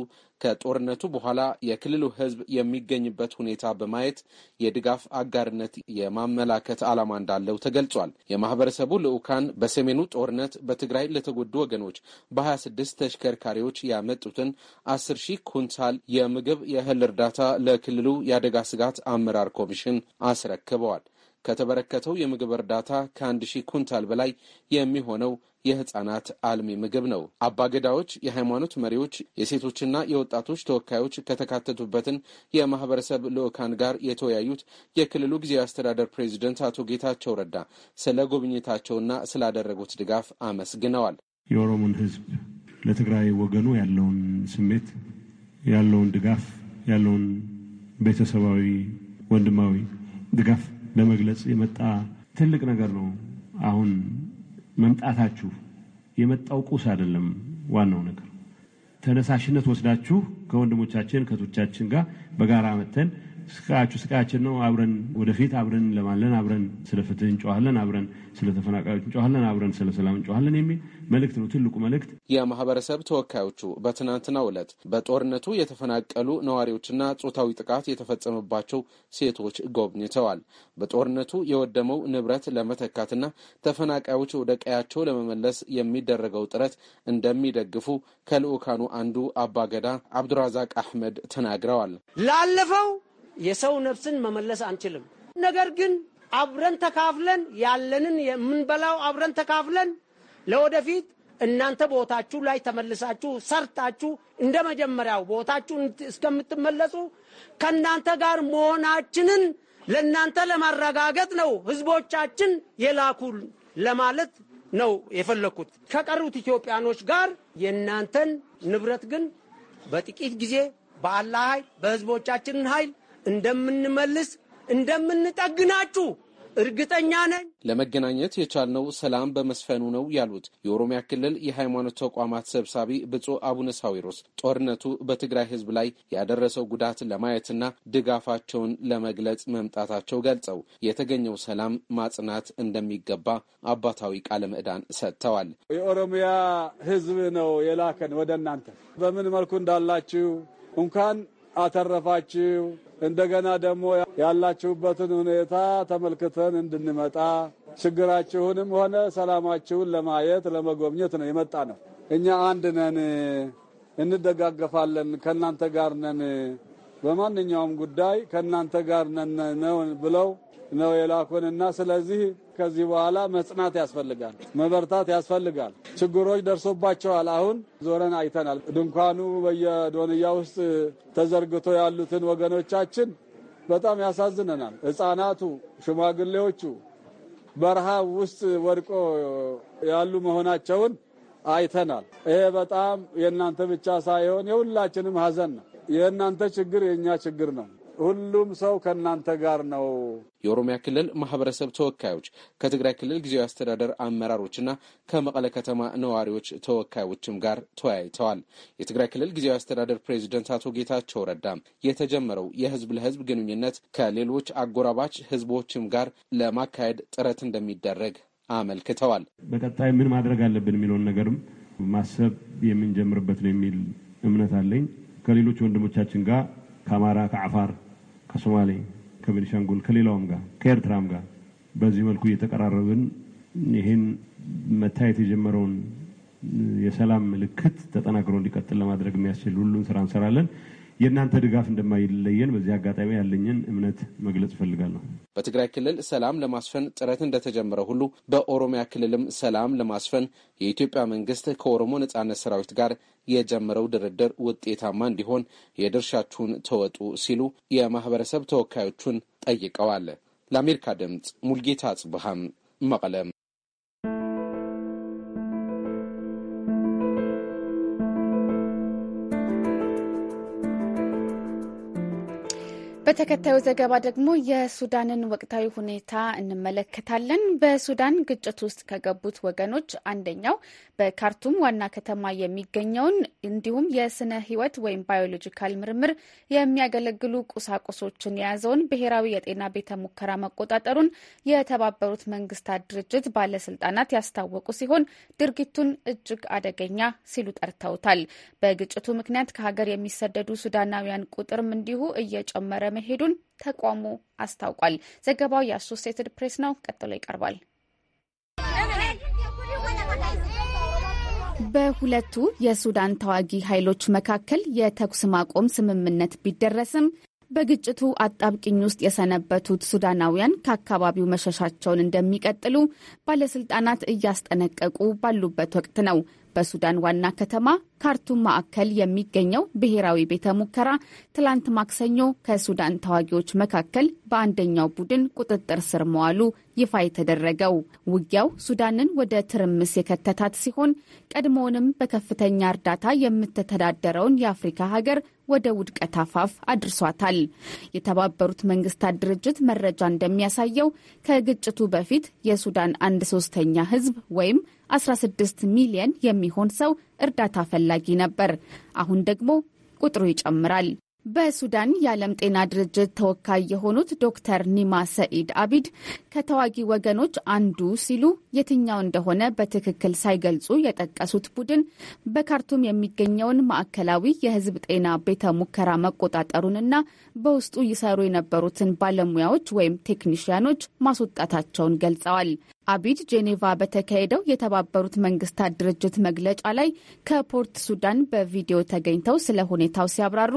ከጦርነቱ በኋላ የክልሉ ሕዝብ የሚገኝበት ሁኔታ በማየት የድጋፍ አጋርነት የማመላከት ዓላማ እንዳለው ተገልጿል። የማህበረሰቡ ልዑካን በሰሜኑ ጦርነት በትግራይ ለተጎዱ ወገኖች በ26 ተሽከርካሪዎች ያመጡትን 10 ሺህ ኩንታል የምግብ የእህል እርዳታ ለክልሉ የአደጋ ስጋት አመራር ኮሚሽን አስረክበዋል። ከተበረከተው የምግብ እርዳታ ከአንድ ሺህ ኩንታል በላይ የሚሆነው የህጻናት አልሚ ምግብ ነው። አባገዳዎች፣ የሃይማኖት መሪዎች፣ የሴቶችና የወጣቶች ተወካዮች ከተካተቱበትን የማህበረሰብ ልዑካን ጋር የተወያዩት የክልሉ ጊዜያዊ አስተዳደር ፕሬዚደንት አቶ ጌታቸው ረዳ ስለ ጉብኝታቸውና ስላደረጉት ድጋፍ አመስግነዋል። የኦሮሞን ህዝብ ለትግራይ ወገኑ ያለውን ስሜት፣ ያለውን ድጋፍ፣ ያለውን ቤተሰባዊ ወንድማዊ ድጋፍ ለመግለጽ የመጣ ትልቅ ነገር ነው። አሁን መምጣታችሁ የመጣው ቁስ አይደለም። ዋናው ነገር ተነሳሽነት ወስዳችሁ ከወንድሞቻችን ከቶቻችን ጋር በጋራ መተን ስቃያችሁ ስቃያችን ነው። አብረን ወደፊት አብረን እንለማለን፣ አብረን ስለ ፍትህ እንጨዋለን። አብረን ስለ ተፈናቃዮች እንጨዋለን። አብረን ስለ ሰላም እንጨዋለን የሚል መልእክት ነው ትልቁ መልእክት። የማህበረሰብ ተወካዮቹ በትናንትናው ዕለት በጦርነቱ የተፈናቀሉ ነዋሪዎችና ጾታዊ ጥቃት የተፈጸመባቸው ሴቶች ጎብኝተዋል። በጦርነቱ የወደመው ንብረት ለመተካትና ተፈናቃዮች ወደ ቀያቸው ለመመለስ የሚደረገው ጥረት እንደሚደግፉ ከልዑካኑ አንዱ አባገዳ አብዱራዛቅ አህመድ ተናግረዋል። ላለፈው የሰው ነፍስን መመለስ አንችልም። ነገር ግን አብረን ተካፍለን ያለንን የምንበላው አብረን ተካፍለን ለወደፊት እናንተ ቦታችሁ ላይ ተመልሳችሁ ሰርታችሁ እንደ መጀመሪያው ቦታችሁ እስከምትመለሱ ከእናንተ ጋር መሆናችንን ለእናንተ ለማረጋገጥ ነው ህዝቦቻችን የላኩን ለማለት ነው የፈለግኩት። ከቀሩት ኢትዮጵያኖች ጋር የእናንተን ንብረት ግን በጥቂት ጊዜ በአላህ ኃይል በህዝቦቻችን ኃይል እንደምንመልስ እንደምንጠግናችሁ እርግጠኛ ነኝ። ለመገናኘት የቻልነው ሰላም በመስፈኑ ነው ያሉት የኦሮሚያ ክልል የሃይማኖት ተቋማት ሰብሳቢ ብፁዕ አቡነ ሳዊሮስ ጦርነቱ በትግራይ ሕዝብ ላይ ያደረሰው ጉዳት ለማየትና ድጋፋቸውን ለመግለጽ መምጣታቸው ገልጸው የተገኘው ሰላም ማጽናት እንደሚገባ አባታዊ ቃለ ምዕዳን ሰጥተዋል። የኦሮሚያ ሕዝብ ነው የላከን ወደ እናንተ በምን መልኩ እንዳላችሁ እንኳን አተረፋችሁ። እንደገና ደግሞ ያላችሁበትን ሁኔታ ተመልክተን እንድንመጣ ችግራችሁንም ሆነ ሰላማችሁን ለማየት ለመጎብኘት ነው የመጣ ነው። እኛ አንድ ነን፣ እንደጋገፋለን፣ ከእናንተ ጋር ነን፣ በማንኛውም ጉዳይ ከእናንተ ጋር ነን ነው ብለው ነው የላኩንና ስለዚህ ከዚህ በኋላ መጽናት ያስፈልጋል፣ መበርታት ያስፈልጋል። ችግሮች ደርሶባቸዋል። አሁን ዞረን አይተናል። ድንኳኑ በየዶንያ ውስጥ ተዘርግቶ ያሉትን ወገኖቻችን በጣም ያሳዝነናል። ሕፃናቱ፣ ሽማግሌዎቹ በረሃብ ውስጥ ወድቆ ያሉ መሆናቸውን አይተናል። ይሄ በጣም የእናንተ ብቻ ሳይሆን የሁላችንም ሀዘን ነው። የእናንተ ችግር የእኛ ችግር ነው። ሁሉም ሰው ከእናንተ ጋር ነው። የኦሮሚያ ክልል ማህበረሰብ ተወካዮች ከትግራይ ክልል ጊዜያዊ አስተዳደር አመራሮችና ከመቀለ ከተማ ነዋሪዎች ተወካዮችም ጋር ተወያይተዋል። የትግራይ ክልል ጊዜያዊ አስተዳደር ፕሬዚደንት አቶ ጌታቸው ረዳም የተጀመረው የህዝብ ለህዝብ ግንኙነት ከሌሎች አጎራባች ህዝቦችም ጋር ለማካሄድ ጥረት እንደሚደረግ አመልክተዋል። በቀጣይ ምን ማድረግ አለብን የሚለውን ነገርም ማሰብ የምንጀምርበት ነው የሚል እምነት አለኝ ከሌሎች ወንድሞቻችን ጋር ከአማራ፣ ከአፋር ከሶማሌ፣ ከቤኒሻንጉል፣ ከሌላውም ጋር ከኤርትራም ጋር በዚህ መልኩ እየተቀራረብን ይህን መታየት የጀመረውን የሰላም ምልክት ተጠናክሮ እንዲቀጥል ለማድረግ የሚያስችል ሁሉን ስራ እንሰራለን። የእናንተ ድጋፍ እንደማይለየን በዚህ አጋጣሚ ያለኝን እምነት መግለጽ እፈልጋለሁ። በትግራይ ክልል ሰላም ለማስፈን ጥረት እንደተጀመረ ሁሉ በኦሮሚያ ክልልም ሰላም ለማስፈን የኢትዮጵያ መንግስት ከኦሮሞ ነጻነት ሰራዊት ጋር የጀመረው ድርድር ውጤታማ እንዲሆን የድርሻችሁን ተወጡ ሲሉ የማህበረሰብ ተወካዮቹን ጠይቀዋል። ለአሜሪካ ድምፅ ሙልጌታ አጽብሃም መቀለም በተከታዩ ዘገባ ደግሞ የሱዳንን ወቅታዊ ሁኔታ እንመለከታለን። በሱዳን ግጭት ውስጥ ከገቡት ወገኖች አንደኛው በካርቱም ዋና ከተማ የሚገኘውን እንዲሁም የስነ ሕይወት ወይም ባዮሎጂካል ምርምር የሚያገለግሉ ቁሳቁሶችን የያዘውን ብሔራዊ የጤና ቤተ ሙከራ መቆጣጠሩን የተባበሩት መንግስታት ድርጅት ባለስልጣናት ያስታወቁ ሲሆን ድርጊቱን እጅግ አደገኛ ሲሉ ጠርተውታል። በግጭቱ ምክንያት ከሀገር የሚሰደዱ ሱዳናውያን ቁጥርም እንዲሁ እየጨመረ መሄዱን ተቋሙ አስታውቋል። ዘገባው የአሶሴትድ ፕሬስ ነው። ቀጥሎ ይቀርባል። በሁለቱ የሱዳን ተዋጊ ኃይሎች መካከል የተኩስ ማቆም ስምምነት ቢደረስም በግጭቱ አጣብቂኝ ውስጥ የሰነበቱት ሱዳናውያን ከአካባቢው መሸሻቸውን እንደሚቀጥሉ ባለስልጣናት እያስጠነቀቁ ባሉበት ወቅት ነው በሱዳን ዋና ከተማ ካርቱም ማዕከል የሚገኘው ብሔራዊ ቤተ ሙከራ ትላንት ማክሰኞ ከሱዳን ተዋጊዎች መካከል በአንደኛው ቡድን ቁጥጥር ስር መዋሉ ይፋ የተደረገው ውጊያው ሱዳንን ወደ ትርምስ የከተታት ሲሆን ቀድሞውንም በከፍተኛ እርዳታ የምትተዳደረውን የአፍሪካ ሀገር ወደ ውድቀት አፋፍ አድርሷታል። የተባበሩት መንግስታት ድርጅት መረጃ እንደሚያሳየው ከግጭቱ በፊት የሱዳን አንድ ሶስተኛ ህዝብ ወይም 16 ሚሊየን የሚሆን ሰው እርዳታ ፈላጊ ነበር። አሁን ደግሞ ቁጥሩ ይጨምራል። በሱዳን የዓለም ጤና ድርጅት ተወካይ የሆኑት ዶክተር ኒማ ሰኢድ አቢድ ከተዋጊ ወገኖች አንዱ ሲሉ የትኛው እንደሆነ በትክክል ሳይገልጹ የጠቀሱት ቡድን በካርቱም የሚገኘውን ማዕከላዊ የሕዝብ ጤና ቤተ ሙከራ መቆጣጠሩንና በውስጡ ይሰሩ የነበሩትን ባለሙያዎች ወይም ቴክኒሽያኖች ማስወጣታቸውን ገልጸዋል። አቢድ ጄኔቫ በተካሄደው የተባበሩት መንግስታት ድርጅት መግለጫ ላይ ከፖርት ሱዳን በቪዲዮ ተገኝተው ስለ ሁኔታው ሲያብራሩ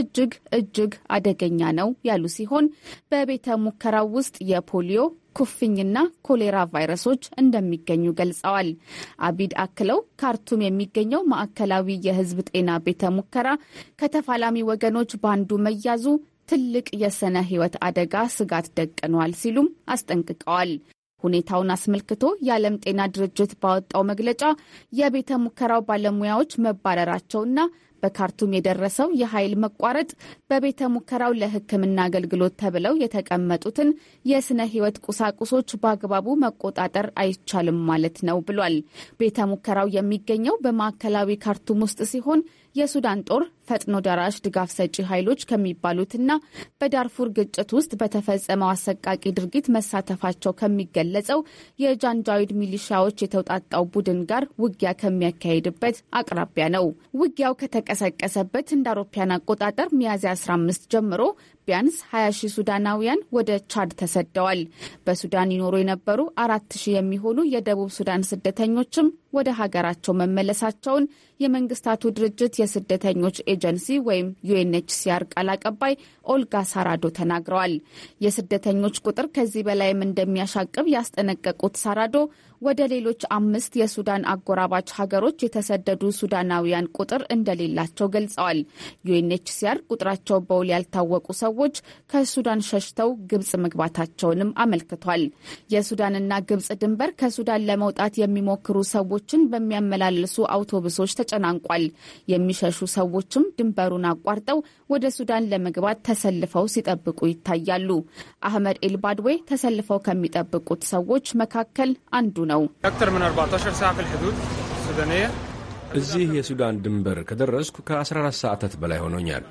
እጅግ እጅግ አደገኛ ነው ያሉ ሲሆን በቤተ ሙከራው ውስጥ የፖሊዮ ኩፍኝና ኮሌራ ቫይረሶች እንደሚገኙ ገልጸዋል። አቢድ አክለው ካርቱም የሚገኘው ማዕከላዊ የሕዝብ ጤና ቤተ ሙከራ ከተፋላሚ ወገኖች በአንዱ መያዙ ትልቅ የስነ ሕይወት አደጋ ስጋት ደቅኗል ሲሉም አስጠንቅቀዋል። ሁኔታውን አስመልክቶ የዓለም ጤና ድርጅት ባወጣው መግለጫ የቤተ ሙከራው ባለሙያዎች መባረራቸውና በካርቱም የደረሰው የኃይል መቋረጥ በቤተ ሙከራው ለሕክምና አገልግሎት ተብለው የተቀመጡትን የስነ ሕይወት ቁሳቁሶች በአግባቡ መቆጣጠር አይቻልም ማለት ነው ብሏል። ቤተ ሙከራው የሚገኘው በማዕከላዊ ካርቱም ውስጥ ሲሆን የሱዳን ጦር ፈጥኖ ደራሽ ድጋፍ ሰጪ ኃይሎች ከሚባሉትና በዳርፉር ግጭት ውስጥ በተፈጸመው አሰቃቂ ድርጊት መሳተፋቸው ከሚገለጸው የጃንጃዊድ ሚሊሻዎች የተውጣጣው ቡድን ጋር ውጊያ ከሚያካሄድበት አቅራቢያ ነው። ውጊያው ከተቀሰቀሰበት እንደ አውሮፓያን አቆጣጠር ሚያዝያ 15 ጀምሮ ቢያንስ 20 ሺህ ሱዳናውያን ወደ ቻድ ተሰደዋል። በሱዳን ይኖሩ የነበሩ አራት ሺህ የሚሆኑ የደቡብ ሱዳን ስደተኞችም ወደ ሀገራቸው መመለሳቸውን የመንግስታቱ ድርጅት የስደተኞች ኤጀንሲ ወይም ዩኤንኤችሲአር ቃል አቀባይ ኦልጋ ሳራዶ ተናግረዋል። የስደተኞች ቁጥር ከዚህ በላይም እንደሚያሻቅብ ያስጠነቀቁት ሳራዶ ወደ ሌሎች አምስት የሱዳን አጎራባች ሀገሮች የተሰደዱ ሱዳናውያን ቁጥር እንደሌላቸው ገልጸዋል። ዩኤንኤችሲአር ቁጥራቸው በውል ያልታወቁ ሰዎች ከሱዳን ሸሽተው ግብጽ መግባታቸውንም አመልክቷል። የሱዳንና ግብጽ ድንበር ከሱዳን ለመውጣት የሚሞክሩ ሰዎችን በሚያመላልሱ አውቶቡሶች ተጨናንቋል። የሚሸሹ ሰዎችም ድንበሩን አቋርጠው ወደ ሱዳን ለመግባት ተሰልፈው ሲጠብቁ ይታያሉ። አህመድ ኤልባድዌ ተሰልፈው ከሚጠብቁት ሰዎች መካከል አንዱ ነው። እዚህ የሱዳን ድንበር ከደረስኩ ከ14 ሰዓታት በላይ ሆኖኛል።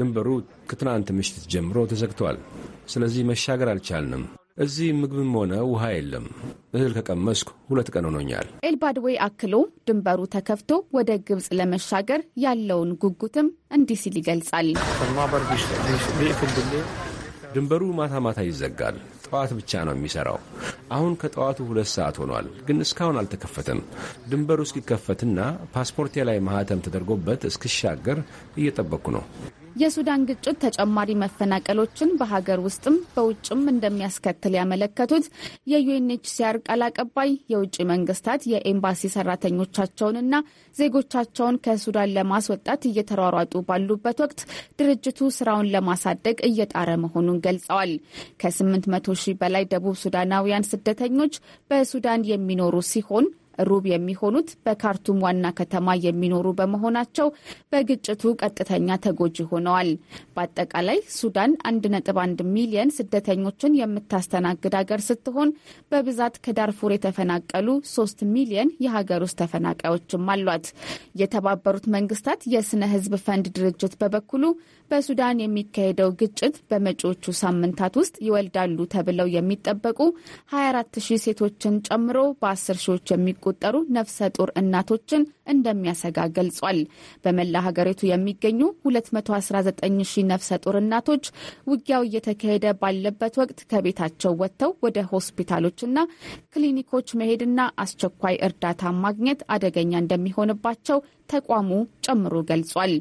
ድንበሩ ከትናንት ምሽት ጀምሮ ተዘግቷል። ስለዚህ መሻገር አልቻልንም። እዚህ ምግብም ሆነ ውሃ የለም። እህል ከቀመስኩ ሁለት ቀን ሆኖኛል። ኤልባድዌይ አክሎ ድንበሩ ተከፍቶ ወደ ግብፅ ለመሻገር ያለውን ጉጉትም እንዲህ ሲል ይገልጻል። ድንበሩ ማታ ማታ ይዘጋል። ጠዋት ብቻ ነው የሚሰራው አሁን ከጠዋቱ ሁለት ሰዓት ሆኗል፣ ግን እስካሁን አልተከፈተም። ድንበሩ እስኪከፈትና ፓስፖርቴ ላይ ማህተም ተደርጎበት እስክሻገር እየጠበቅኩ ነው። የሱዳን ግጭት ተጨማሪ መፈናቀሎችን በሀገር ውስጥም በውጭም እንደሚያስከትል ያመለከቱት የዩኤንኤችሲአር ቃል አቀባይ የውጭ መንግስታት የኤምባሲ ሰራተኞቻቸውንና ዜጎቻቸውን ከሱዳን ለማስወጣት እየተሯሯጡ ባሉበት ወቅት ድርጅቱ ስራውን ለማሳደግ እየጣረ መሆኑን ገልጸዋል። ከ800 ሺህ በላይ ደቡብ ሱዳናውያን ስደተኞች በሱዳን የሚኖሩ ሲሆን ሩብ የሚሆኑት በካርቱም ዋና ከተማ የሚኖሩ በመሆናቸው በግጭቱ ቀጥተኛ ተጎጂ ሆነዋል። በአጠቃላይ ሱዳን 1.1 ሚሊየን ስደተኞችን የምታስተናግድ ሀገር ስትሆን በብዛት ከዳርፉር የተፈናቀሉ 3 ሚሊየን የሀገር ውስጥ ተፈናቃዮችም አሏት። የተባበሩት መንግስታት የስነ ህዝብ ፈንድ ድርጅት በበኩሉ በሱዳን የሚካሄደው ግጭት በመጪዎቹ ሳምንታት ውስጥ ይወልዳሉ ተብለው የሚጠበቁ 24 ሺህ ሴቶችን ጨምሮ በ10 ሺዎች የሚ የሚቆጠሩ ነፍሰ ጡር እናቶችን እንደሚያሰጋ ገልጿል። በመላ ሀገሪቱ የሚገኙ 219 ነፍሰ ጡር እናቶች ውጊያው እየተካሄደ ባለበት ወቅት ከቤታቸው ወጥተው ወደ ሆስፒታሎችና ክሊኒኮች መሄድና አስቸኳይ እርዳታ ማግኘት አደገኛ እንደሚሆንባቸው ተቋሙ ጨምሮ ገልጿል።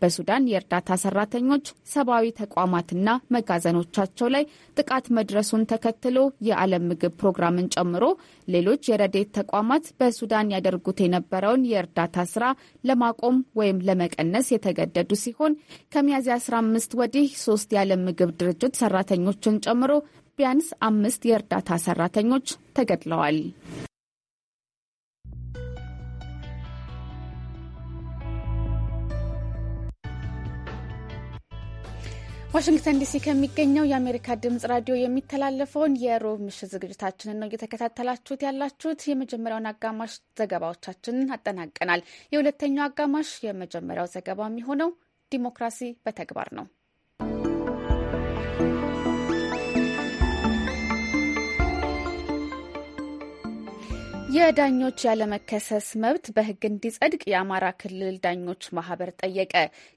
በሱዳን የእርዳታ ሰራተኞች ሰብአዊ ተቋማትና መጋዘኖቻቸው ላይ ጥቃት መድረሱን ተከትሎ የዓለም ምግብ ፕሮግራምን ጨምሮ ሌሎች የረዴት ተቋማት በሱዳን ያደርጉት የነበረውን የእርዳታ ስራ ለማቆም ወይም ለመቀነስ የተገደዱ ሲሆን ከሚያዝያ 15 ወዲህ ሶስት የዓለም ምግብ ድርጅት ሰራተኞችን ጨምሮ ቢያንስ አምስት የእርዳታ ሰራተኞች ተገድለዋል። ዋሽንግተን ዲሲ ከሚገኘው የአሜሪካ ድምጽ ራዲዮ የሚተላለፈውን የሮብ ምሽት ዝግጅታችንን ነው እየተከታተላችሁት ያላችሁት። የመጀመሪያውን አጋማሽ ዘገባዎቻችንን አጠናቀናል። የሁለተኛው አጋማሽ የመጀመሪያው ዘገባ የሚሆነው ዲሞክራሲ በተግባር ነው። የዳኞች ያለመከሰስ መብት በሕግ እንዲጸድቅ የአማራ ክልል ዳኞች ማህበር ጠየቀ።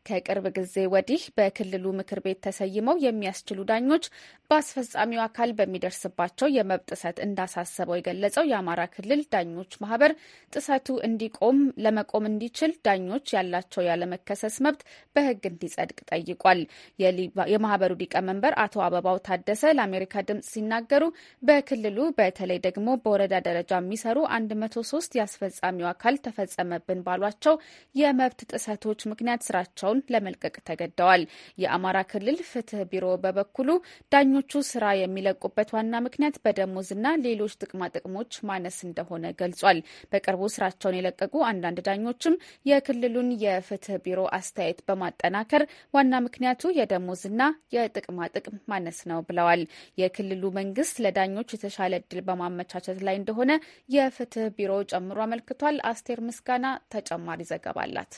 ከቅርብ ጊዜ ወዲህ በክልሉ ምክር ቤት ተሰይመው የሚያስችሉ ዳኞች በአስፈጻሚው አካል በሚደርስባቸው የመብት ጥሰት እንዳሳሰበው የገለጸው የአማራ ክልል ዳኞች ማህበር ጥሰቱ እንዲቆም ለመቆም እንዲችል ዳኞች ያላቸው ያለመከሰስ መብት በሕግ እንዲጸድቅ ጠይቋል። የማህበሩ ሊቀመንበር አቶ አበባው ታደሰ ለአሜሪካ ድምጽ ሲናገሩ በክልሉ በተለይ ደግሞ በወረዳ ደረጃ የሚሰሩ 103 የአስፈጻሚው አካል ተፈጸመብን ባሏቸው የመብት ጥሰቶች ምክንያት ስራቸውን ለመልቀቅ ተገደዋል። የአማራ ክልል ፍትህ ቢሮ በበኩሉ ዳኞቹ ስራ የሚለቁበት ዋና ምክንያት በደሞዝና ሌሎች ጥቅማ ጥቅሞች ማነስ እንደሆነ ገልጿል። በቅርቡ ስራቸውን የለቀቁ አንዳንድ ዳኞችም የክልሉን የፍትህ ቢሮ አስተያየት በማጠናከር ዋና ምክንያቱ የደሞዝና የጥቅማጥቅም ማነስ ነው ብለዋል። የክልሉ መንግስት ለዳኞች የተሻለ እድል በማመቻቸት ላይ እንደሆነ ፍትህ ቢሮ ጨምሮ አመልክቷል። አስቴር ምስጋና ተጨማሪ ዘገባ አላት።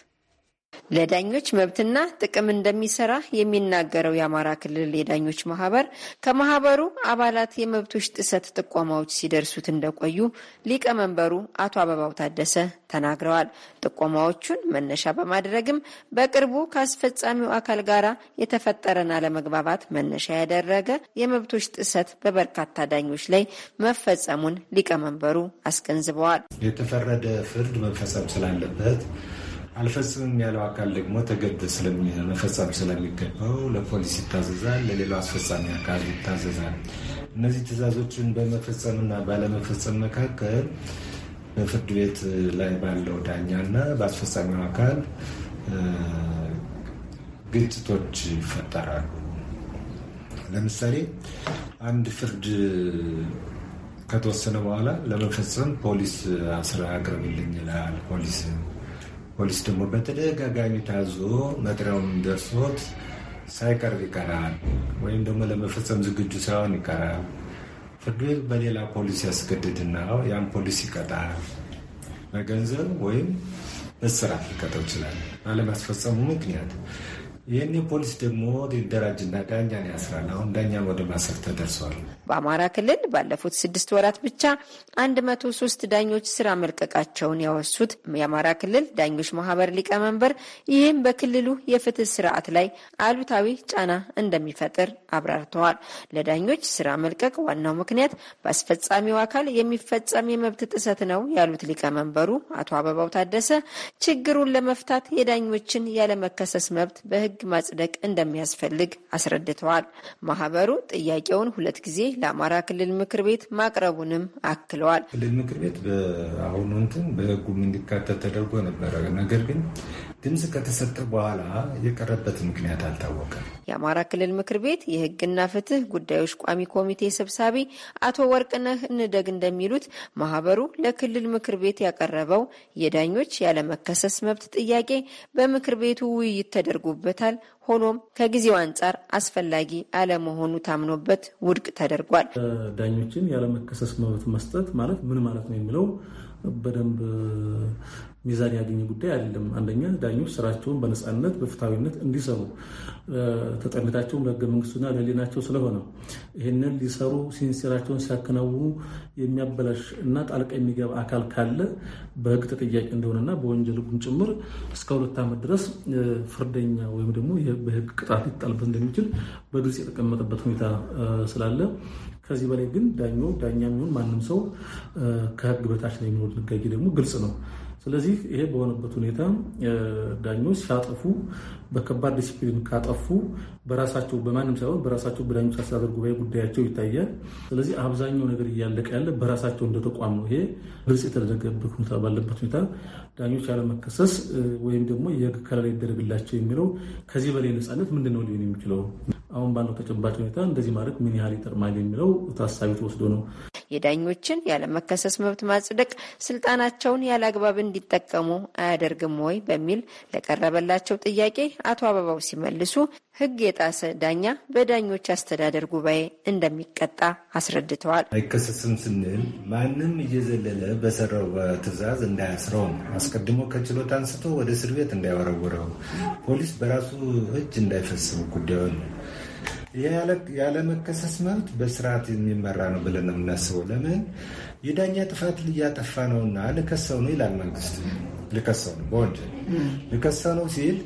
ለዳኞች መብትና ጥቅም እንደሚሰራ የሚናገረው የአማራ ክልል የዳኞች ማህበር ከማህበሩ አባላት የመብቶች ጥሰት ጥቆማዎች ሲደርሱት እንደቆዩ ሊቀመንበሩ አቶ አበባው ታደሰ ተናግረዋል። ጥቆማዎቹን መነሻ በማድረግም በቅርቡ ከአስፈጻሚው አካል ጋር የተፈጠረን አለመግባባት መነሻ ያደረገ የመብቶች ጥሰት በበርካታ ዳኞች ላይ መፈጸሙን ሊቀመንበሩ አስገንዝበዋል። የተፈረደ ፍርድ መፈጸም ስላለበት አልፈጽምም ያለው አካል ደግሞ ተገደ መፈጸም ስለሚገባው ለፖሊስ ይታዘዛል፣ ለሌላው አስፈጻሚ አካል ይታዘዛል። እነዚህ ትዕዛዞችን በመፈጸምና ባለመፈጸም መካከል በፍርድ ቤት ላይ ባለው ዳኛና በአስፈጻሚው አካል ግጭቶች ይፈጠራሉ። ለምሳሌ አንድ ፍርድ ከተወሰነ በኋላ ለመፈጸም ፖሊስ አስራ አቅርብልኝ ይላል። ፖሊስ ፖሊስ ደግሞ በተደጋጋሚ ታዞ መጥሪያውን ደርሶት ሳይቀርብ ይቀራል፣ ወይም ደግሞ ለመፈጸም ዝግጁ ሳይሆን ይቀራል። ፍርድ ቤት በሌላ ፖሊስ ያስገድድና ያን ፖሊስ ይቀጣል። በገንዘብ ወይም በስራ ሊቀጠው ይችላል። አለማስፈጸሙ ምክንያት ይህኔ ፖሊስ ደግሞ ሊደራጅና ዳኛን ያስራል። አሁን ዳኛ ወደ ማሰር ተደርሰዋል። በአማራ ክልል ባለፉት ስድስት ወራት ብቻ አንድ መቶ ሶስት ዳኞች ስራ መልቀቃቸውን ያወሱት የአማራ ክልል ዳኞች ማህበር ሊቀመንበር ይህም በክልሉ የፍትህ ስርዓት ላይ አሉታዊ ጫና እንደሚፈጥር አብራርተዋል። ለዳኞች ስራ መልቀቅ ዋናው ምክንያት በአስፈጻሚው አካል የሚፈጸም የመብት ጥሰት ነው ያሉት ሊቀመንበሩ አቶ አበባው ታደሰ ችግሩን ለመፍታት የዳኞችን ያለመከሰስ መብት በህግ ህግ ማጽደቅ እንደሚያስፈልግ አስረድተዋል። ማህበሩ ጥያቄውን ሁለት ጊዜ ለአማራ ክልል ምክር ቤት ማቅረቡንም አክለዋል። ክልል ምክር ቤት በአሁኑ እንትን በሕጉም እንዲካተት ተደርጎ ነበረ። ነገር ግን ድምፅ ከተሰጠ በኋላ የቀረበት ምክንያት አልታወቀም። የአማራ ክልል ምክር ቤት የህግና ፍትህ ጉዳዮች ቋሚ ኮሚቴ ሰብሳቢ አቶ ወርቅነህ እንደግ እንደሚሉት ማህበሩ ለክልል ምክር ቤት ያቀረበው የዳኞች ያለመከሰስ መብት ጥያቄ በምክር ቤቱ ውይይት ተደርጎበታል። ሆኖም ከጊዜው አንጻር አስፈላጊ አለመሆኑ ታምኖበት ውድቅ ተደርጓል። ዳኞችን ያለመከሰስ መብት መስጠት ማለት ምን ማለት ነው የሚለው በደንብ ሚዛን ያገኘ ጉዳይ አይደለም። አንደኛ ዳኞች ስራቸውን በነፃነት በፍትሐዊነት እንዲሰሩ ተጠሪነታቸውም በህገ መንግስቱና ለህሊናቸው ስለሆነ ይህንን ሊሰሩ ሲንሴራቸውን ሲያከናውኑ የሚያበላሽ እና ጣልቃ የሚገባ አካል ካለ በህግ ተጠያቂ እንደሆነና በወንጀል ጉን ጭምር እስከ ሁለት ዓመት ድረስ ፍርደኛ ወይም ደግሞ በህግ ቅጣት ሊጣልበት እንደሚችል በግልጽ የተቀመጠበት ሁኔታ ስላለ ከዚህ በላይ ግን ዳኞ ዳኛ የሚሆን ማንም ሰው ከህግ በታች ነው የሚኖር ድንጋጌ ደግሞ ግልጽ ነው። ስለዚህ ይሄ በሆነበት ሁኔታ ዳኞች ሲያጠፉ በከባድ ዲስፕሊን ካጠፉ በራሳቸው በማንም ሳይሆን በራሳቸው በዳኞች አስተዳደር ጉባኤ ጉዳያቸው ይታያል። ስለዚህ አብዛኛው ነገር እያለቀ ያለ በራሳቸው እንደ ተቋም ነው። ይሄ ግልጽ የተደረገበት ሁኔታ ባለበት ሁኔታ ዳኞች ያለመከሰስ ወይም ደግሞ የህግ ከለላ ይደረግላቸው የሚለው ከዚህ በላይ ነፃነት ምንድን ነው ሊሆን የሚችለው? አሁን ባለው ተጨባጭ ሁኔታ እንደዚህ ማለት ምን ያህል ይጠቅማል የሚለው ታሳቢ ተወስዶ ነው። የዳኞችን ያለመከሰስ መብት ማጽደቅ ስልጣናቸውን ያለ አግባብ እንዲጠቀሙ አያደርግም ወይ በሚል ለቀረበላቸው ጥያቄ አቶ አበባው ሲመልሱ ህግ የጣሰ ዳኛ በዳኞች አስተዳደር ጉባኤ እንደሚቀጣ አስረድተዋል። አይከሰስም ስንል ማንም እየዘለለ በሰራው ትዕዛዝ እንዳያስረው አስቀድሞ ከችሎት አንስቶ ወደ እስር ቤት እንዳይወረውረው ፖሊስ በራሱ እጅ እንዳይፈስሙ ጉዳዩን ያለመከሰስ መብት በስርዓት የሚመራ ነው ብለን የምናስበው። ለምን የዳኛ ጥፋት እያጠፋ ነውና ልከሰው ነው ይላል መንግስት። ልከሰው ነው በወንጀል ልከሰው ነው ሲል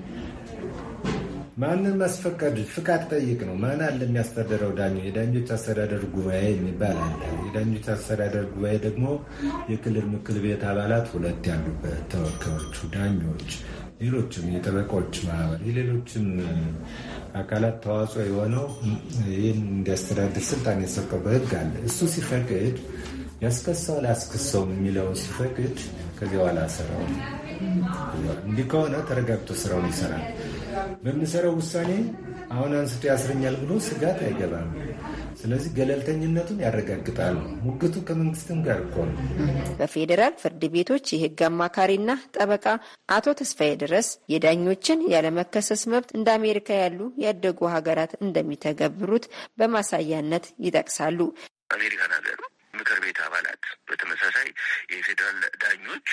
ማንን ማስፈቀድ ፍቃድ ጠይቅ ነው። ማን አለ የሚያስተዳድረው? ዳኞች፣ የዳኞች አስተዳደር ጉባኤ የሚባል አለ። የዳኞች አስተዳደር ጉባኤ ደግሞ የክልል ምክር ቤት አባላት ሁለት ያሉበት ተወካዮቹ፣ ዳኞች፣ ሌሎችም የጠበቆች ማህበር፣ የሌሎችም አካላት ተዋጽኦ የሆነው ይህን እንዲያስተዳድር ስልጣን የሰጠው በህግ አለ። እሱ ሲፈቅድ ያስከሰው ላያስከሰውም የሚለውን ሲፈቅድ ከዚያ በኋላ ስራው እንዲህ ከሆነ ተረጋግቶ ስራውን ይሰራል። በምንሰረው ውሳኔ አሁን አንስቶ ያስረኛል ብሎ ስጋት አይገባም። ስለዚህ ገለልተኝነቱን ያረጋግጣል። ሙግቱ ከመንግስትም ጋር እኮ ነው። በፌዴራል ፍርድ ቤቶች የህግ አማካሪና ጠበቃ አቶ ተስፋዬ ድረስ የዳኞችን ያለመከሰስ መብት እንደ አሜሪካ ያሉ ያደጉ ሀገራት እንደሚተገብሩት በማሳያነት ይጠቅሳሉ። አሜሪካን ሀገር ምክር ቤት አባላት በተመሳሳይ የፌዴራል ዳኞች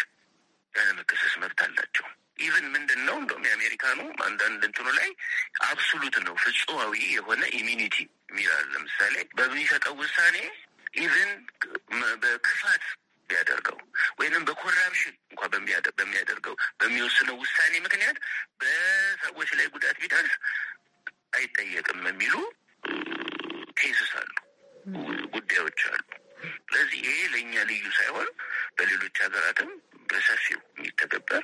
ያለመከሰስ መብት አላቸው። ኢቨን ምንድን ነው እንደውም የአሜሪካኑ አንዳንድ እንትኑ ላይ አብሶሉት ነው ፍጹማዊ የሆነ ኢሚኒቲ የሚላል ለምሳሌ በሚሰጠው ውሳኔ ኢቨን በክፋት ቢያደርገው ወይንም በኮራፕሽን እንኳ በሚያደርገው በሚወስነው ውሳኔ ምክንያት በሰዎች ላይ ጉዳት ቢደርስ አይጠየቅም የሚሉ ኬስስ አሉ፣ ጉዳዮች አሉ። ስለዚህ ይሄ ለእኛ ልዩ ሳይሆን በሌሎች ሀገራትም በሰፊው የሚተገበር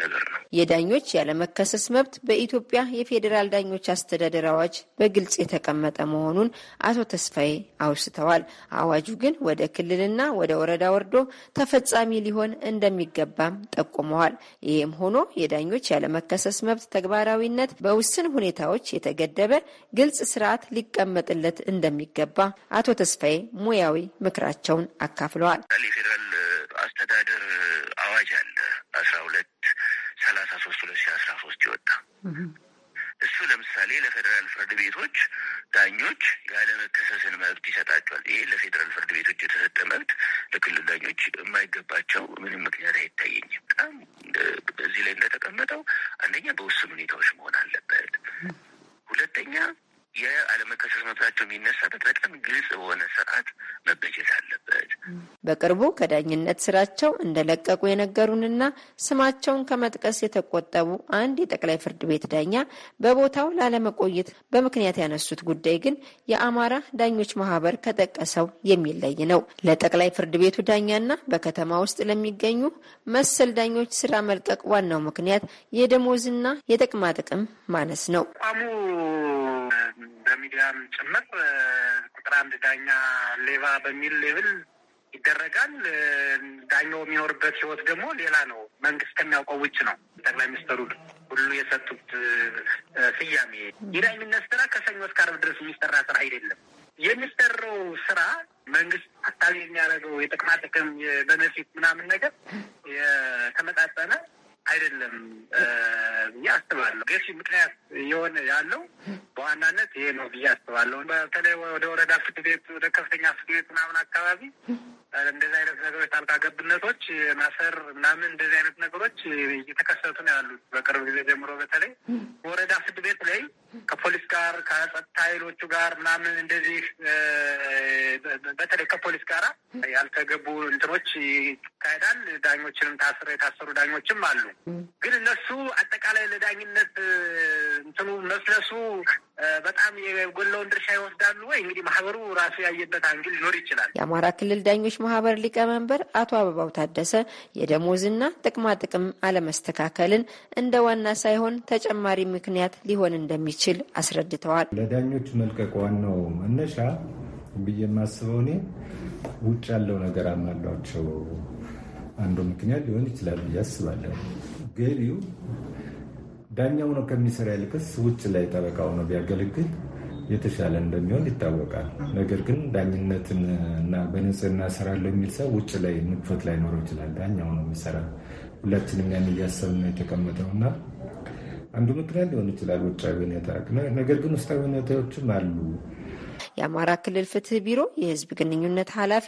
ነገር ነው። የዳኞች ያለመከሰስ መብት በኢትዮጵያ የፌዴራል ዳኞች አስተዳደር አዋጅ በግልጽ የተቀመጠ መሆኑን አቶ ተስፋዬ አውስተዋል። አዋጁ ግን ወደ ክልልና ወደ ወረዳ ወርዶ ተፈጻሚ ሊሆን እንደሚገባም ጠቁመዋል። ይህም ሆኖ የዳኞች ያለመከሰስ መብት ተግባራዊነት በውስን ሁኔታዎች የተገደበ ግልጽ ስርዓት ሊቀመጥለት እንደሚገባ አቶ ተስፋዬ ሙያዊ ምክራቸውን አካፍለዋል። አስተዳደር አዋጅ አለ አስራ ሁለት ሰላሳ ሶስት ሁለት ሺ አስራ ሶስት ይወጣ እሱ ለምሳሌ ለፌዴራል ፍርድ ቤቶች ዳኞች ያለመከሰስን መብት ይሰጣቸዋል። ይሄ ለፌዴራል ፍርድ ቤቶች የተሰጠ መብት ለክልል ዳኞች የማይገባቸው ምንም ምክንያት አይታየኝም። በጣም በዚህ ላይ እንደተቀመጠው አንደኛ በውስን ሁኔታዎች መሆን አለበት። ሁለተኛ የአለመከሰስ መብታቸው የሚነሳበት በጣም ግልጽ በሆነ ስርዓት መበጀት አለበት። በቅርቡ ከዳኝነት ስራቸው እንደለቀቁ የነገሩንና ስማቸውን ከመጥቀስ የተቆጠቡ አንድ የጠቅላይ ፍርድ ቤት ዳኛ በቦታው ላለመቆየት በምክንያት ያነሱት ጉዳይ ግን የአማራ ዳኞች ማህበር ከጠቀሰው የሚለይ ነው። ለጠቅላይ ፍርድ ቤቱ ዳኛና በከተማ ውስጥ ለሚገኙ መሰል ዳኞች ስራ መልቀቅ ዋናው ምክንያት የደሞዝና የጥቅማ ጥቅም ማነስ ነው። በሚዲያም ጭምር ቁጥር አንድ ዳኛ ሌባ በሚል ሌብል ይደረጋል። ዳኛው የሚኖርበት ህይወት ደግሞ ሌላ ነው። መንግስት ከሚያውቀው ውጭ ነው። ጠቅላይ ሚኒስትሩ ሁሉ የሰጡት ስያሜ የዳኝነት ስራ ከሰኞ እስከ ዓርብ ድረስ የሚሰራ ስራ አይደለም። የሚሰራው ስራ መንግስት አታቢ የሚያደርገው የጥቅማ ጥቅም በነፊት ምናምን ነገር የተመጣጠነ አይደለም ብዬ አስባለሁ። ገፊ ምክንያት የሆነ ያለው በዋናነት ይሄ ነው ብዬ አስባለሁ። በተለይ ወደ ወረዳ ፍርድ ቤት፣ ወደ ከፍተኛ ፍርድ ቤት ምናምን አካባቢ እንደዚህ አይነት ነገሮች ጣልቃ ገብነቶች፣ ማሰር ምናምን እንደዚህ አይነት ነገሮች እየተከሰቱ ነው ያሉት በቅርብ ጊዜ ጀምሮ በተለይ ወረዳ ፍርድ ቤት ላይ ከፖሊስ ጋር ከጸጥታ ኃይሎቹ ጋር ምናምን እንደዚህ በተለይ ከፖሊስ ጋር ያልተገቡ እንትኖች ይካሄዳል። ዳኞችንም ታስረ የታሰሩ ዳኞችም አሉ። ግን እነሱ አጠቃላይ ለዳኝነት እንትኑ መስለሱ። በጣም የጎላውን ድርሻ ይወስዳሉ ወይ? እንግዲህ ማህበሩ ራሱ ያየበት አንግል ሊኖር ይችላል። የአማራ ክልል ዳኞች ማህበር ሊቀመንበር አቶ አበባው ታደሰ የደሞዝና ጥቅማጥቅም አለመስተካከልን እንደ ዋና ሳይሆን ተጨማሪ ምክንያት ሊሆን እንደሚችል አስረድተዋል። ለዳኞች መልቀቅ ዋናው መነሻ ብዬ የማስበው እኔ ውጭ ያለው ነገር አማሏቸው አንዱ ምክንያት ሊሆን ይችላል ብዬ አስባለሁ። ገቢው ዳኛው ነው ከሚሰራ ይልቅስ ውጭ ላይ ጠበቃው ነው ቢያገለግል የተሻለ እንደሚሆን ይታወቃል። ነገር ግን ዳኝነትን እና በንጽህና እሰራለሁ የሚል ሰው ውጭ ላይ ላይ ላይኖረው ይችላል። ዳኛው ነው የሚሰራ። ሁላችንም ያን እያሰብን የተቀመጠው እና አንዱ ምክንያት ሊሆን ይችላል ውጫዊ ሁኔታ። ነገር ግን ውስጣዊ ሁኔታዎችም አሉ። የአማራ ክልል ፍትህ ቢሮ የህዝብ ግንኙነት ኃላፊ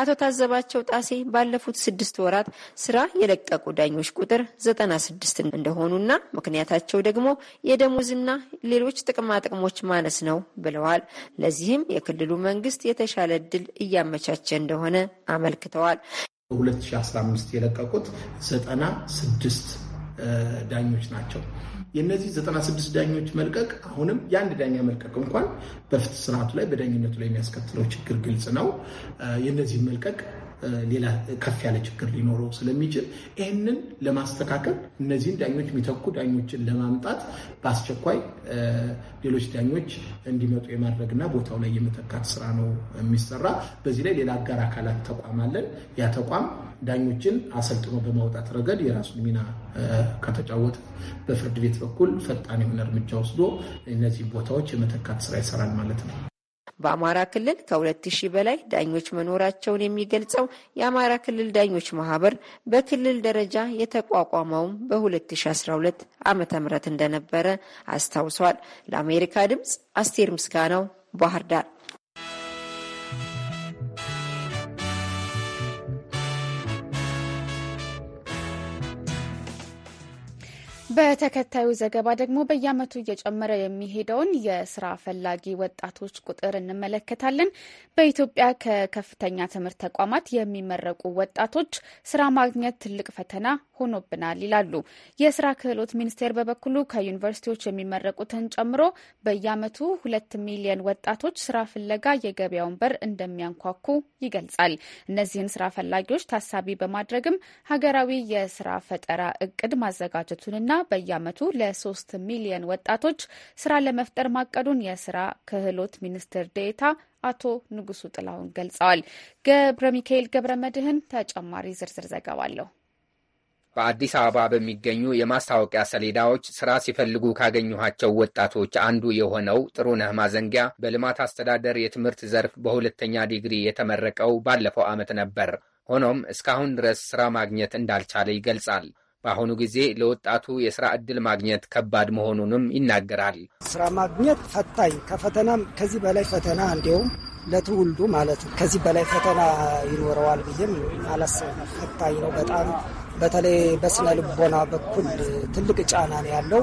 አቶ ታዘባቸው ጣሴ ባለፉት ስድስት ወራት ስራ የለቀቁ ዳኞች ቁጥር ዘጠና ስድስት እንደሆኑና ምክንያታቸው ደግሞ የደሞዝና ሌሎች ጥቅማጥቅሞች ማነስ ነው ብለዋል። ለዚህም የክልሉ መንግስት የተሻለ እድል እያመቻቸ እንደሆነ አመልክተዋል። በ2015 የለቀቁት ዘጠና ስድስት ዳኞች ናቸው። የእነዚህ 96 ዳኞች መልቀቅ አሁንም የአንድ ዳኛ መልቀቅ እንኳን በፍትህ ስርዓቱ ላይ በዳኝነቱ ላይ የሚያስከትለው ችግር ግልጽ ነው። የእነዚህ መልቀቅ ሌላ ከፍ ያለ ችግር ሊኖረው ስለሚችል ይህንን ለማስተካከል እነዚህን ዳኞች የሚተኩ ዳኞችን ለማምጣት በአስቸኳይ ሌሎች ዳኞች እንዲመጡ የማድረግና ቦታው ላይ የመተካት ስራ ነው የሚሰራ። በዚህ ላይ ሌላ አጋር አካላት ተቋም አለን። ያ ተቋም ዳኞችን አሰልጥኖ በማውጣት ረገድ የራሱን ሚና ከተጫወተ በፍርድ ቤት በኩል ፈጣን የሆነ እርምጃ ወስዶ እነዚህ ቦታዎች የመተካት ስራ ይሰራል ማለት ነው። በአማራ ክልል ከሁለት ሺህ በላይ ዳኞች መኖራቸውን የሚገልጸው የአማራ ክልል ዳኞች ማህበር በክልል ደረጃ የተቋቋመውም በ2012 ዓ ም እንደነበረ አስታውሷል። ለአሜሪካ ድምጽ አስቴር ምስጋናው ባህር ዳር በተከታዩ ዘገባ ደግሞ በየዓመቱ እየጨመረ የሚሄደውን የስራ ፈላጊ ወጣቶች ቁጥር እንመለከታለን። በኢትዮጵያ ከከፍተኛ ትምህርት ተቋማት የሚመረቁ ወጣቶች ስራ ማግኘት ትልቅ ፈተና ሆኖብናል ይላሉ። የስራ ክህሎት ሚኒስቴር በበኩሉ ከዩኒቨርሲቲዎች የሚመረቁትን ጨምሮ በየዓመቱ ሁለት ሚሊየን ወጣቶች ስራ ፍለጋ የገበያውን በር እንደሚያንኳኩ ይገልጻል። እነዚህን ስራ ፈላጊዎች ታሳቢ በማድረግም ሀገራዊ የስራ ፈጠራ እቅድ ማዘጋጀቱንና በየዓመቱ ለሶስት ሚሊየን ወጣቶች ስራ ለመፍጠር ማቀዱን የስራ ክህሎት ሚኒስትር ዴኤታ አቶ ንጉሱ ጥላሁን ገልጸዋል። ገብረ ሚካኤል ገብረ መድህን ተጨማሪ ዝርዝር ዘገባ አለው። በአዲስ አበባ በሚገኙ የማስታወቂያ ሰሌዳዎች ስራ ሲፈልጉ ካገኘኋቸው ወጣቶች አንዱ የሆነው ጥሩነህ ማዘንጊያ በልማት አስተዳደር የትምህርት ዘርፍ በሁለተኛ ዲግሪ የተመረቀው ባለፈው ዓመት ነበር። ሆኖም እስካሁን ድረስ ስራ ማግኘት እንዳልቻለ ይገልጻል። በአሁኑ ጊዜ ለወጣቱ የስራ ዕድል ማግኘት ከባድ መሆኑንም ይናገራል። ስራ ማግኘት ፈታኝ ከፈተናም ከዚህ በላይ ፈተና እንዲሁም ለትውልዱ ማለት ነው ከዚህ በላይ ፈተና ይኖረዋል ብዬም አላስብም። ፈታኝ ነው በጣም በተለይ በስነ ልቦና በኩል ትልቅ ጫና ነው ያለው።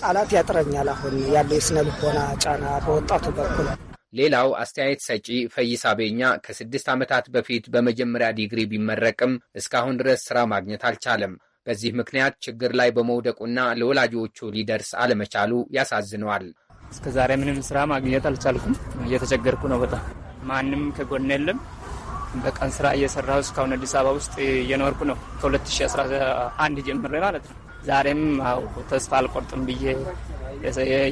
ቃላት ያጥረኛል። አሁን ያለው የስነ ልቦና ጫና በወጣቱ በኩል። ሌላው አስተያየት ሰጪ ፈይሳ ቤኛ ከስድስት ዓመታት በፊት በመጀመሪያ ዲግሪ ቢመረቅም እስካሁን ድረስ ስራ ማግኘት አልቻለም። በዚህ ምክንያት ችግር ላይ በመውደቁና ለወላጆቹ ሊደርስ አለመቻሉ ያሳዝነዋል። እስከ ዛሬ ምንም ስራ ማግኘት አልቻልኩም። እየተቸገርኩ ነው። በጣም ማንም ከጎን የለም። በቀን ስራ እየሰራሁ እስካሁን አዲስ አበባ ውስጥ እየኖርኩ ነው፣ ከ2011 ጀምሬ ማለት ነው። ዛሬም ተስፋ አልቆርጥም ብዬ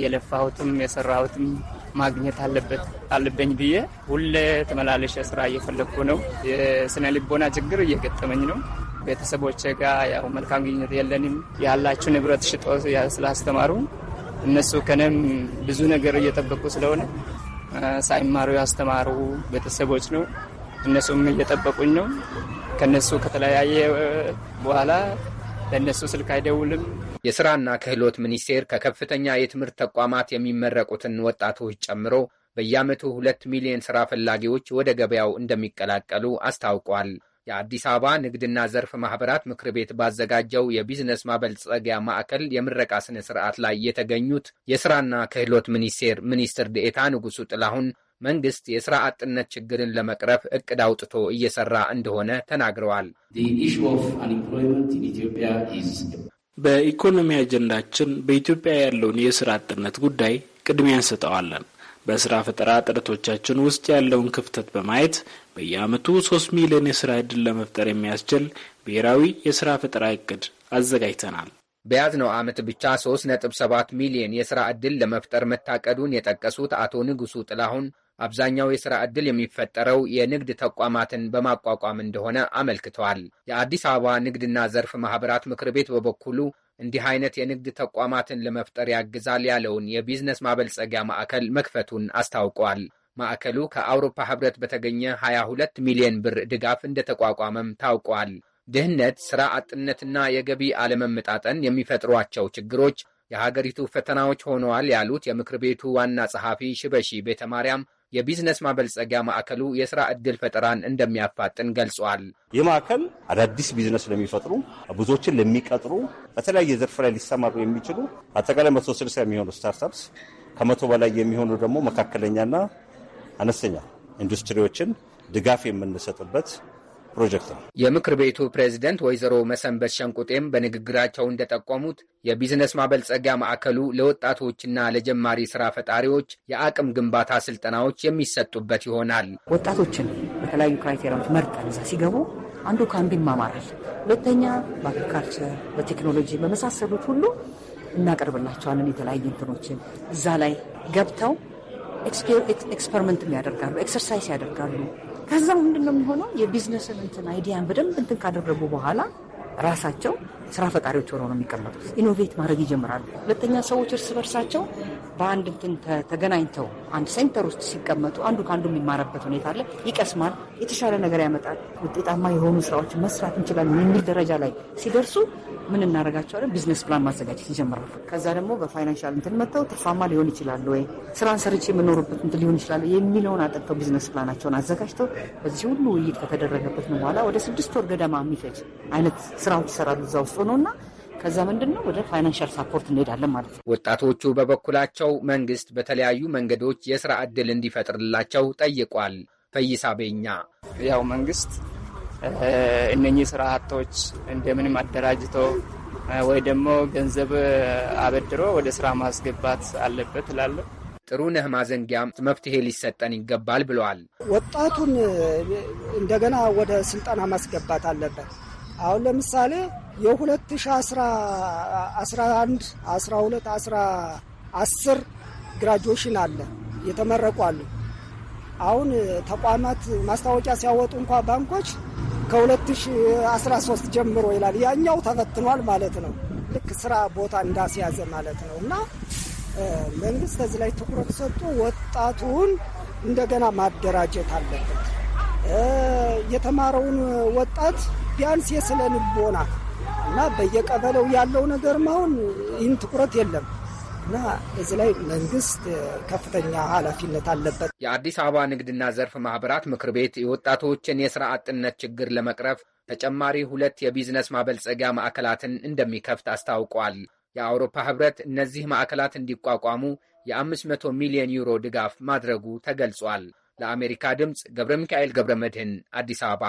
የለፋሁትም የሰራሁትም ማግኘት አለበት አለበኝ ብዬ ሁሌ ተመላለሽ ስራ እየፈለግኩ ነው። የስነ ልቦና ችግር እየገጠመኝ ነው። ቤተሰቦቼ ጋር ያው መልካም ግንኙነት የለንም። ያላችሁ ንብረት ሽጦ ስላስተማሩ እነሱ ከነም ብዙ ነገር እየጠበቁ ስለሆነ ሳይማሩ ያስተማሩ ቤተሰቦች ነው። እነሱም እየጠበቁኝ ነው። ከነሱ ከተለያየ በኋላ ለእነሱ ስልክ አይደውልም። የስራና ክህሎት ሚኒስቴር ከከፍተኛ የትምህርት ተቋማት የሚመረቁትን ወጣቶች ጨምሮ በየዓመቱ ሁለት ሚሊዮን ስራ ፈላጊዎች ወደ ገበያው እንደሚቀላቀሉ አስታውቋል። የአዲስ አበባ ንግድና ዘርፍ ማህበራት ምክር ቤት ባዘጋጀው የቢዝነስ ማበልጸጊያ ማዕከል የምረቃ ስነ ስርዓት ላይ የተገኙት የስራና ክህሎት ሚኒስቴር ሚኒስትር ዴኤታ ንጉሱ ጥላሁን መንግስት የስራ አጥነት ችግርን ለመቅረፍ እቅድ አውጥቶ እየሰራ እንደሆነ ተናግረዋል። በኢኮኖሚ አጀንዳችን በኢትዮጵያ ያለውን የስራ አጥነት ጉዳይ ቅድሚያ እንሰጠዋለን። በስራ ፈጠራ ጥረቶቻችን ውስጥ ያለውን ክፍተት በማየት በየዓመቱ ሶስት ሚሊዮን የስራ ዕድል ለመፍጠር የሚያስችል ብሔራዊ የስራ ፈጠራ እቅድ አዘጋጅተናል። በያዝነው ዓመት ብቻ 3.7 ሚሊዮን የሥራ ዕድል ለመፍጠር መታቀዱን የጠቀሱት አቶ ንጉሱ ጥላሁን አብዛኛው የሥራ ዕድል የሚፈጠረው የንግድ ተቋማትን በማቋቋም እንደሆነ አመልክተዋል። የአዲስ አበባ ንግድና ዘርፍ ማኅበራት ምክር ቤት በበኩሉ እንዲህ አይነት የንግድ ተቋማትን ለመፍጠር ያግዛል ያለውን የቢዝነስ ማበልጸጊያ ማዕከል መክፈቱን አስታውቋል። ማዕከሉ ከአውሮፓ ህብረት በተገኘ 22 ሚሊዮን ብር ድጋፍ እንደተቋቋመም ታውቋል። ድህነት፣ ሥራ አጥነትና የገቢ አለመመጣጠን የሚፈጥሯቸው ችግሮች የሀገሪቱ ፈተናዎች ሆነዋል ያሉት የምክር ቤቱ ዋና ጸሐፊ ሽበሺ ቤተ ማርያም የቢዝነስ ማበልጸጊያ ማዕከሉ የሥራ ዕድል ፈጠራን እንደሚያፋጥን ገልጿል። ይህ ማዕከል አዳዲስ ቢዝነስ ለሚፈጥሩ፣ ብዙዎችን ለሚቀጥሩ፣ በተለያየ ዘርፍ ላይ ሊሰማሩ የሚችሉ አጠቃላይ 160 የሚሆኑ ስታርታፕስ ከመቶ በላይ የሚሆኑ ደግሞ መካከለኛና አነስተኛ ኢንዱስትሪዎችን ድጋፍ የምንሰጥበት ፕሮጀክት ነው። የምክር ቤቱ ፕሬዚደንት ወይዘሮ መሰንበት ሸንቁጤም በንግግራቸው እንደጠቆሙት የቢዝነስ ማበልጸጊያ ማዕከሉ ለወጣቶችና ለጀማሪ ስራ ፈጣሪዎች የአቅም ግንባታ ስልጠናዎች የሚሰጡበት ይሆናል። ወጣቶችን በተለያዩ ክራይቴሪያዎች መርጠን እዛ ሲገቡ አንዱ ከአንዱ ይማማራል። ሁለተኛ በአግሪካልቸር፣ በቴክኖሎጂ በመሳሰሉት ሁሉ እናቀርብላቸዋለን የተለያዩ እንትኖችን እዛ ላይ ገብተው ኤክስፐሪመንት ያደርጋሉ፣ ኤክሰርሳይዝ ያደርጋሉ። ከዛ ምንድን ነው የሚሆነው የቢዝነስን እንትን አይዲያን በደንብ እንትን ካደረጉ በኋላ ራሳቸው ስራ ፈጣሪዎች ሆነው ነው የሚቀመጡት። ኢኖቬት ማድረግ ይጀምራሉ። ሁለተኛ ሰዎች እርስ በርሳቸው በአንድ እንትን ተገናኝተው አንድ ሴንተር ውስጥ ሲቀመጡ አንዱ ከአንዱ የሚማረበት ሁኔታ አለ። ይቀስማል፣ የተሻለ ነገር ያመጣል፣ ውጤታማ የሆኑ ስራዎች መስራት እንችላለን የሚል ደረጃ ላይ ሲደርሱ ምን እናደርጋቸዋለን? ቢዝነስ ፕላን ማዘጋጀት ይጀምራሉ። ከዛ ደግሞ በፋይናንሻል እንትን መጥተው ትርፋማ ሊሆን ይችላሉ ወይ ስራን ሰርቼ የምኖርበት እንትን ሊሆን ይችላሉ የሚለውን አጠጥተው ቢዝነስ ፕላናቸውን አዘጋጅተው በዚህ ሁሉ ውይይት ከተደረገበት በኋላ ወደ ስድስት ወር ገደማ የሚፈጅ አይነት ስራዎች ይሰራሉ እዛ ውስጥ ተጽዕኖና ከዛ ምንድን ነው ወደ ፋይናንሻል ሳፖርት እንሄዳለን ማለት ነው። ወጣቶቹ በበኩላቸው መንግስት በተለያዩ መንገዶች የስራ እድል እንዲፈጥርላቸው ጠይቋል። ፈይሳ ቤኛ ያው መንግስት እነኚህ ስራ አጦች እንደምንም አደራጅቶ ወይ ደግሞ ገንዘብ አበድሮ ወደ ስራ ማስገባት አለበት እላለሁ። ጥሩ ነህ ማዘንጊያም መፍትሄ ሊሰጠን ይገባል ብለዋል። ወጣቱን እንደገና ወደ ስልጠና ማስገባት አለበት። አሁን ለምሳሌ የ2011 12 10 ግራጁዌሽን አለ የተመረቁ አሉ። አሁን ተቋማት ማስታወቂያ ሲያወጡ እንኳ ባንኮች ከ2013 ጀምሮ ይላል። ያኛው ተፈትኗል ማለት ነው። ልክ ስራ ቦታ እንዳስያዘ ማለት ነው። እና መንግስት ከዚህ ላይ ትኩረት ሰጡ ወጣቱን እንደገና ማደራጀት አለበት። የተማረውን ወጣት ቢያንስ የስነ ልቦና እና በየቀበለው ያለው ነገር ማሁን ይህን ትኩረት የለም እና እዚ ላይ መንግስት ከፍተኛ ኃላፊነት አለበት። የአዲስ አበባ ንግድና ዘርፍ ማህበራት ምክር ቤት የወጣቶችን የስራ አጥነት ችግር ለመቅረፍ ተጨማሪ ሁለት የቢዝነስ ማበልጸጊያ ማዕከላትን እንደሚከፍት አስታውቋል። የአውሮፓ ህብረት እነዚህ ማዕከላት እንዲቋቋሙ የ500 ሚሊዮን ዩሮ ድጋፍ ማድረጉ ተገልጿል። ለአሜሪካ ድምፅ ገብረ ሚካኤል ገብረ መድህን አዲስ አበባ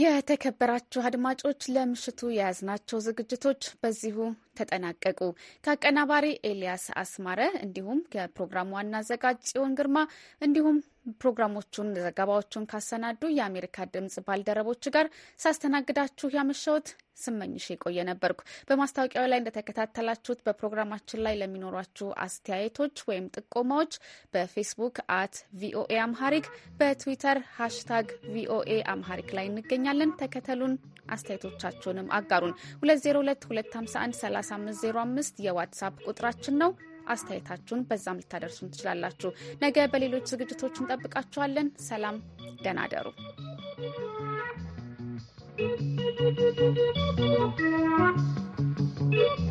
የተከበራችሁ አድማጮች ለምሽቱ የያዝናቸው ዝግጅቶች በዚሁ ተጠናቀቁ። ከአቀናባሪ ኤልያስ አስማረ እንዲሁም ከፕሮግራሙ ዋና አዘጋጅ ጽዮን ግርማ እንዲሁም ፕሮግራሞቹን ዘገባዎቹን ካሰናዱ የአሜሪካ ድምጽ ባልደረቦች ጋር ሳስተናግዳችሁ ያመሸሁት ስመኝሽ የቆየ ነበርኩ። በማስታወቂያው ላይ እንደተከታተላችሁት በፕሮግራማችን ላይ ለሚኖሯችሁ አስተያየቶች ወይም ጥቆማዎች በፌስቡክ አት ቪኦኤ አምሃሪክ፣ በትዊተር ሃሽታግ ቪኦኤ አምሃሪክ ላይ እንገኛለን። ተከተሉን፣ አስተያየቶቻችሁንም አጋሩን። 2022513505 የዋትሳፕ ቁጥራችን ነው። አስተያየታችሁን በዛም ልታደርሱን ትችላላችሁ። ነገ በሌሎች ዝግጅቶች እንጠብቃችኋለን። ሰላም፣ ደህና you.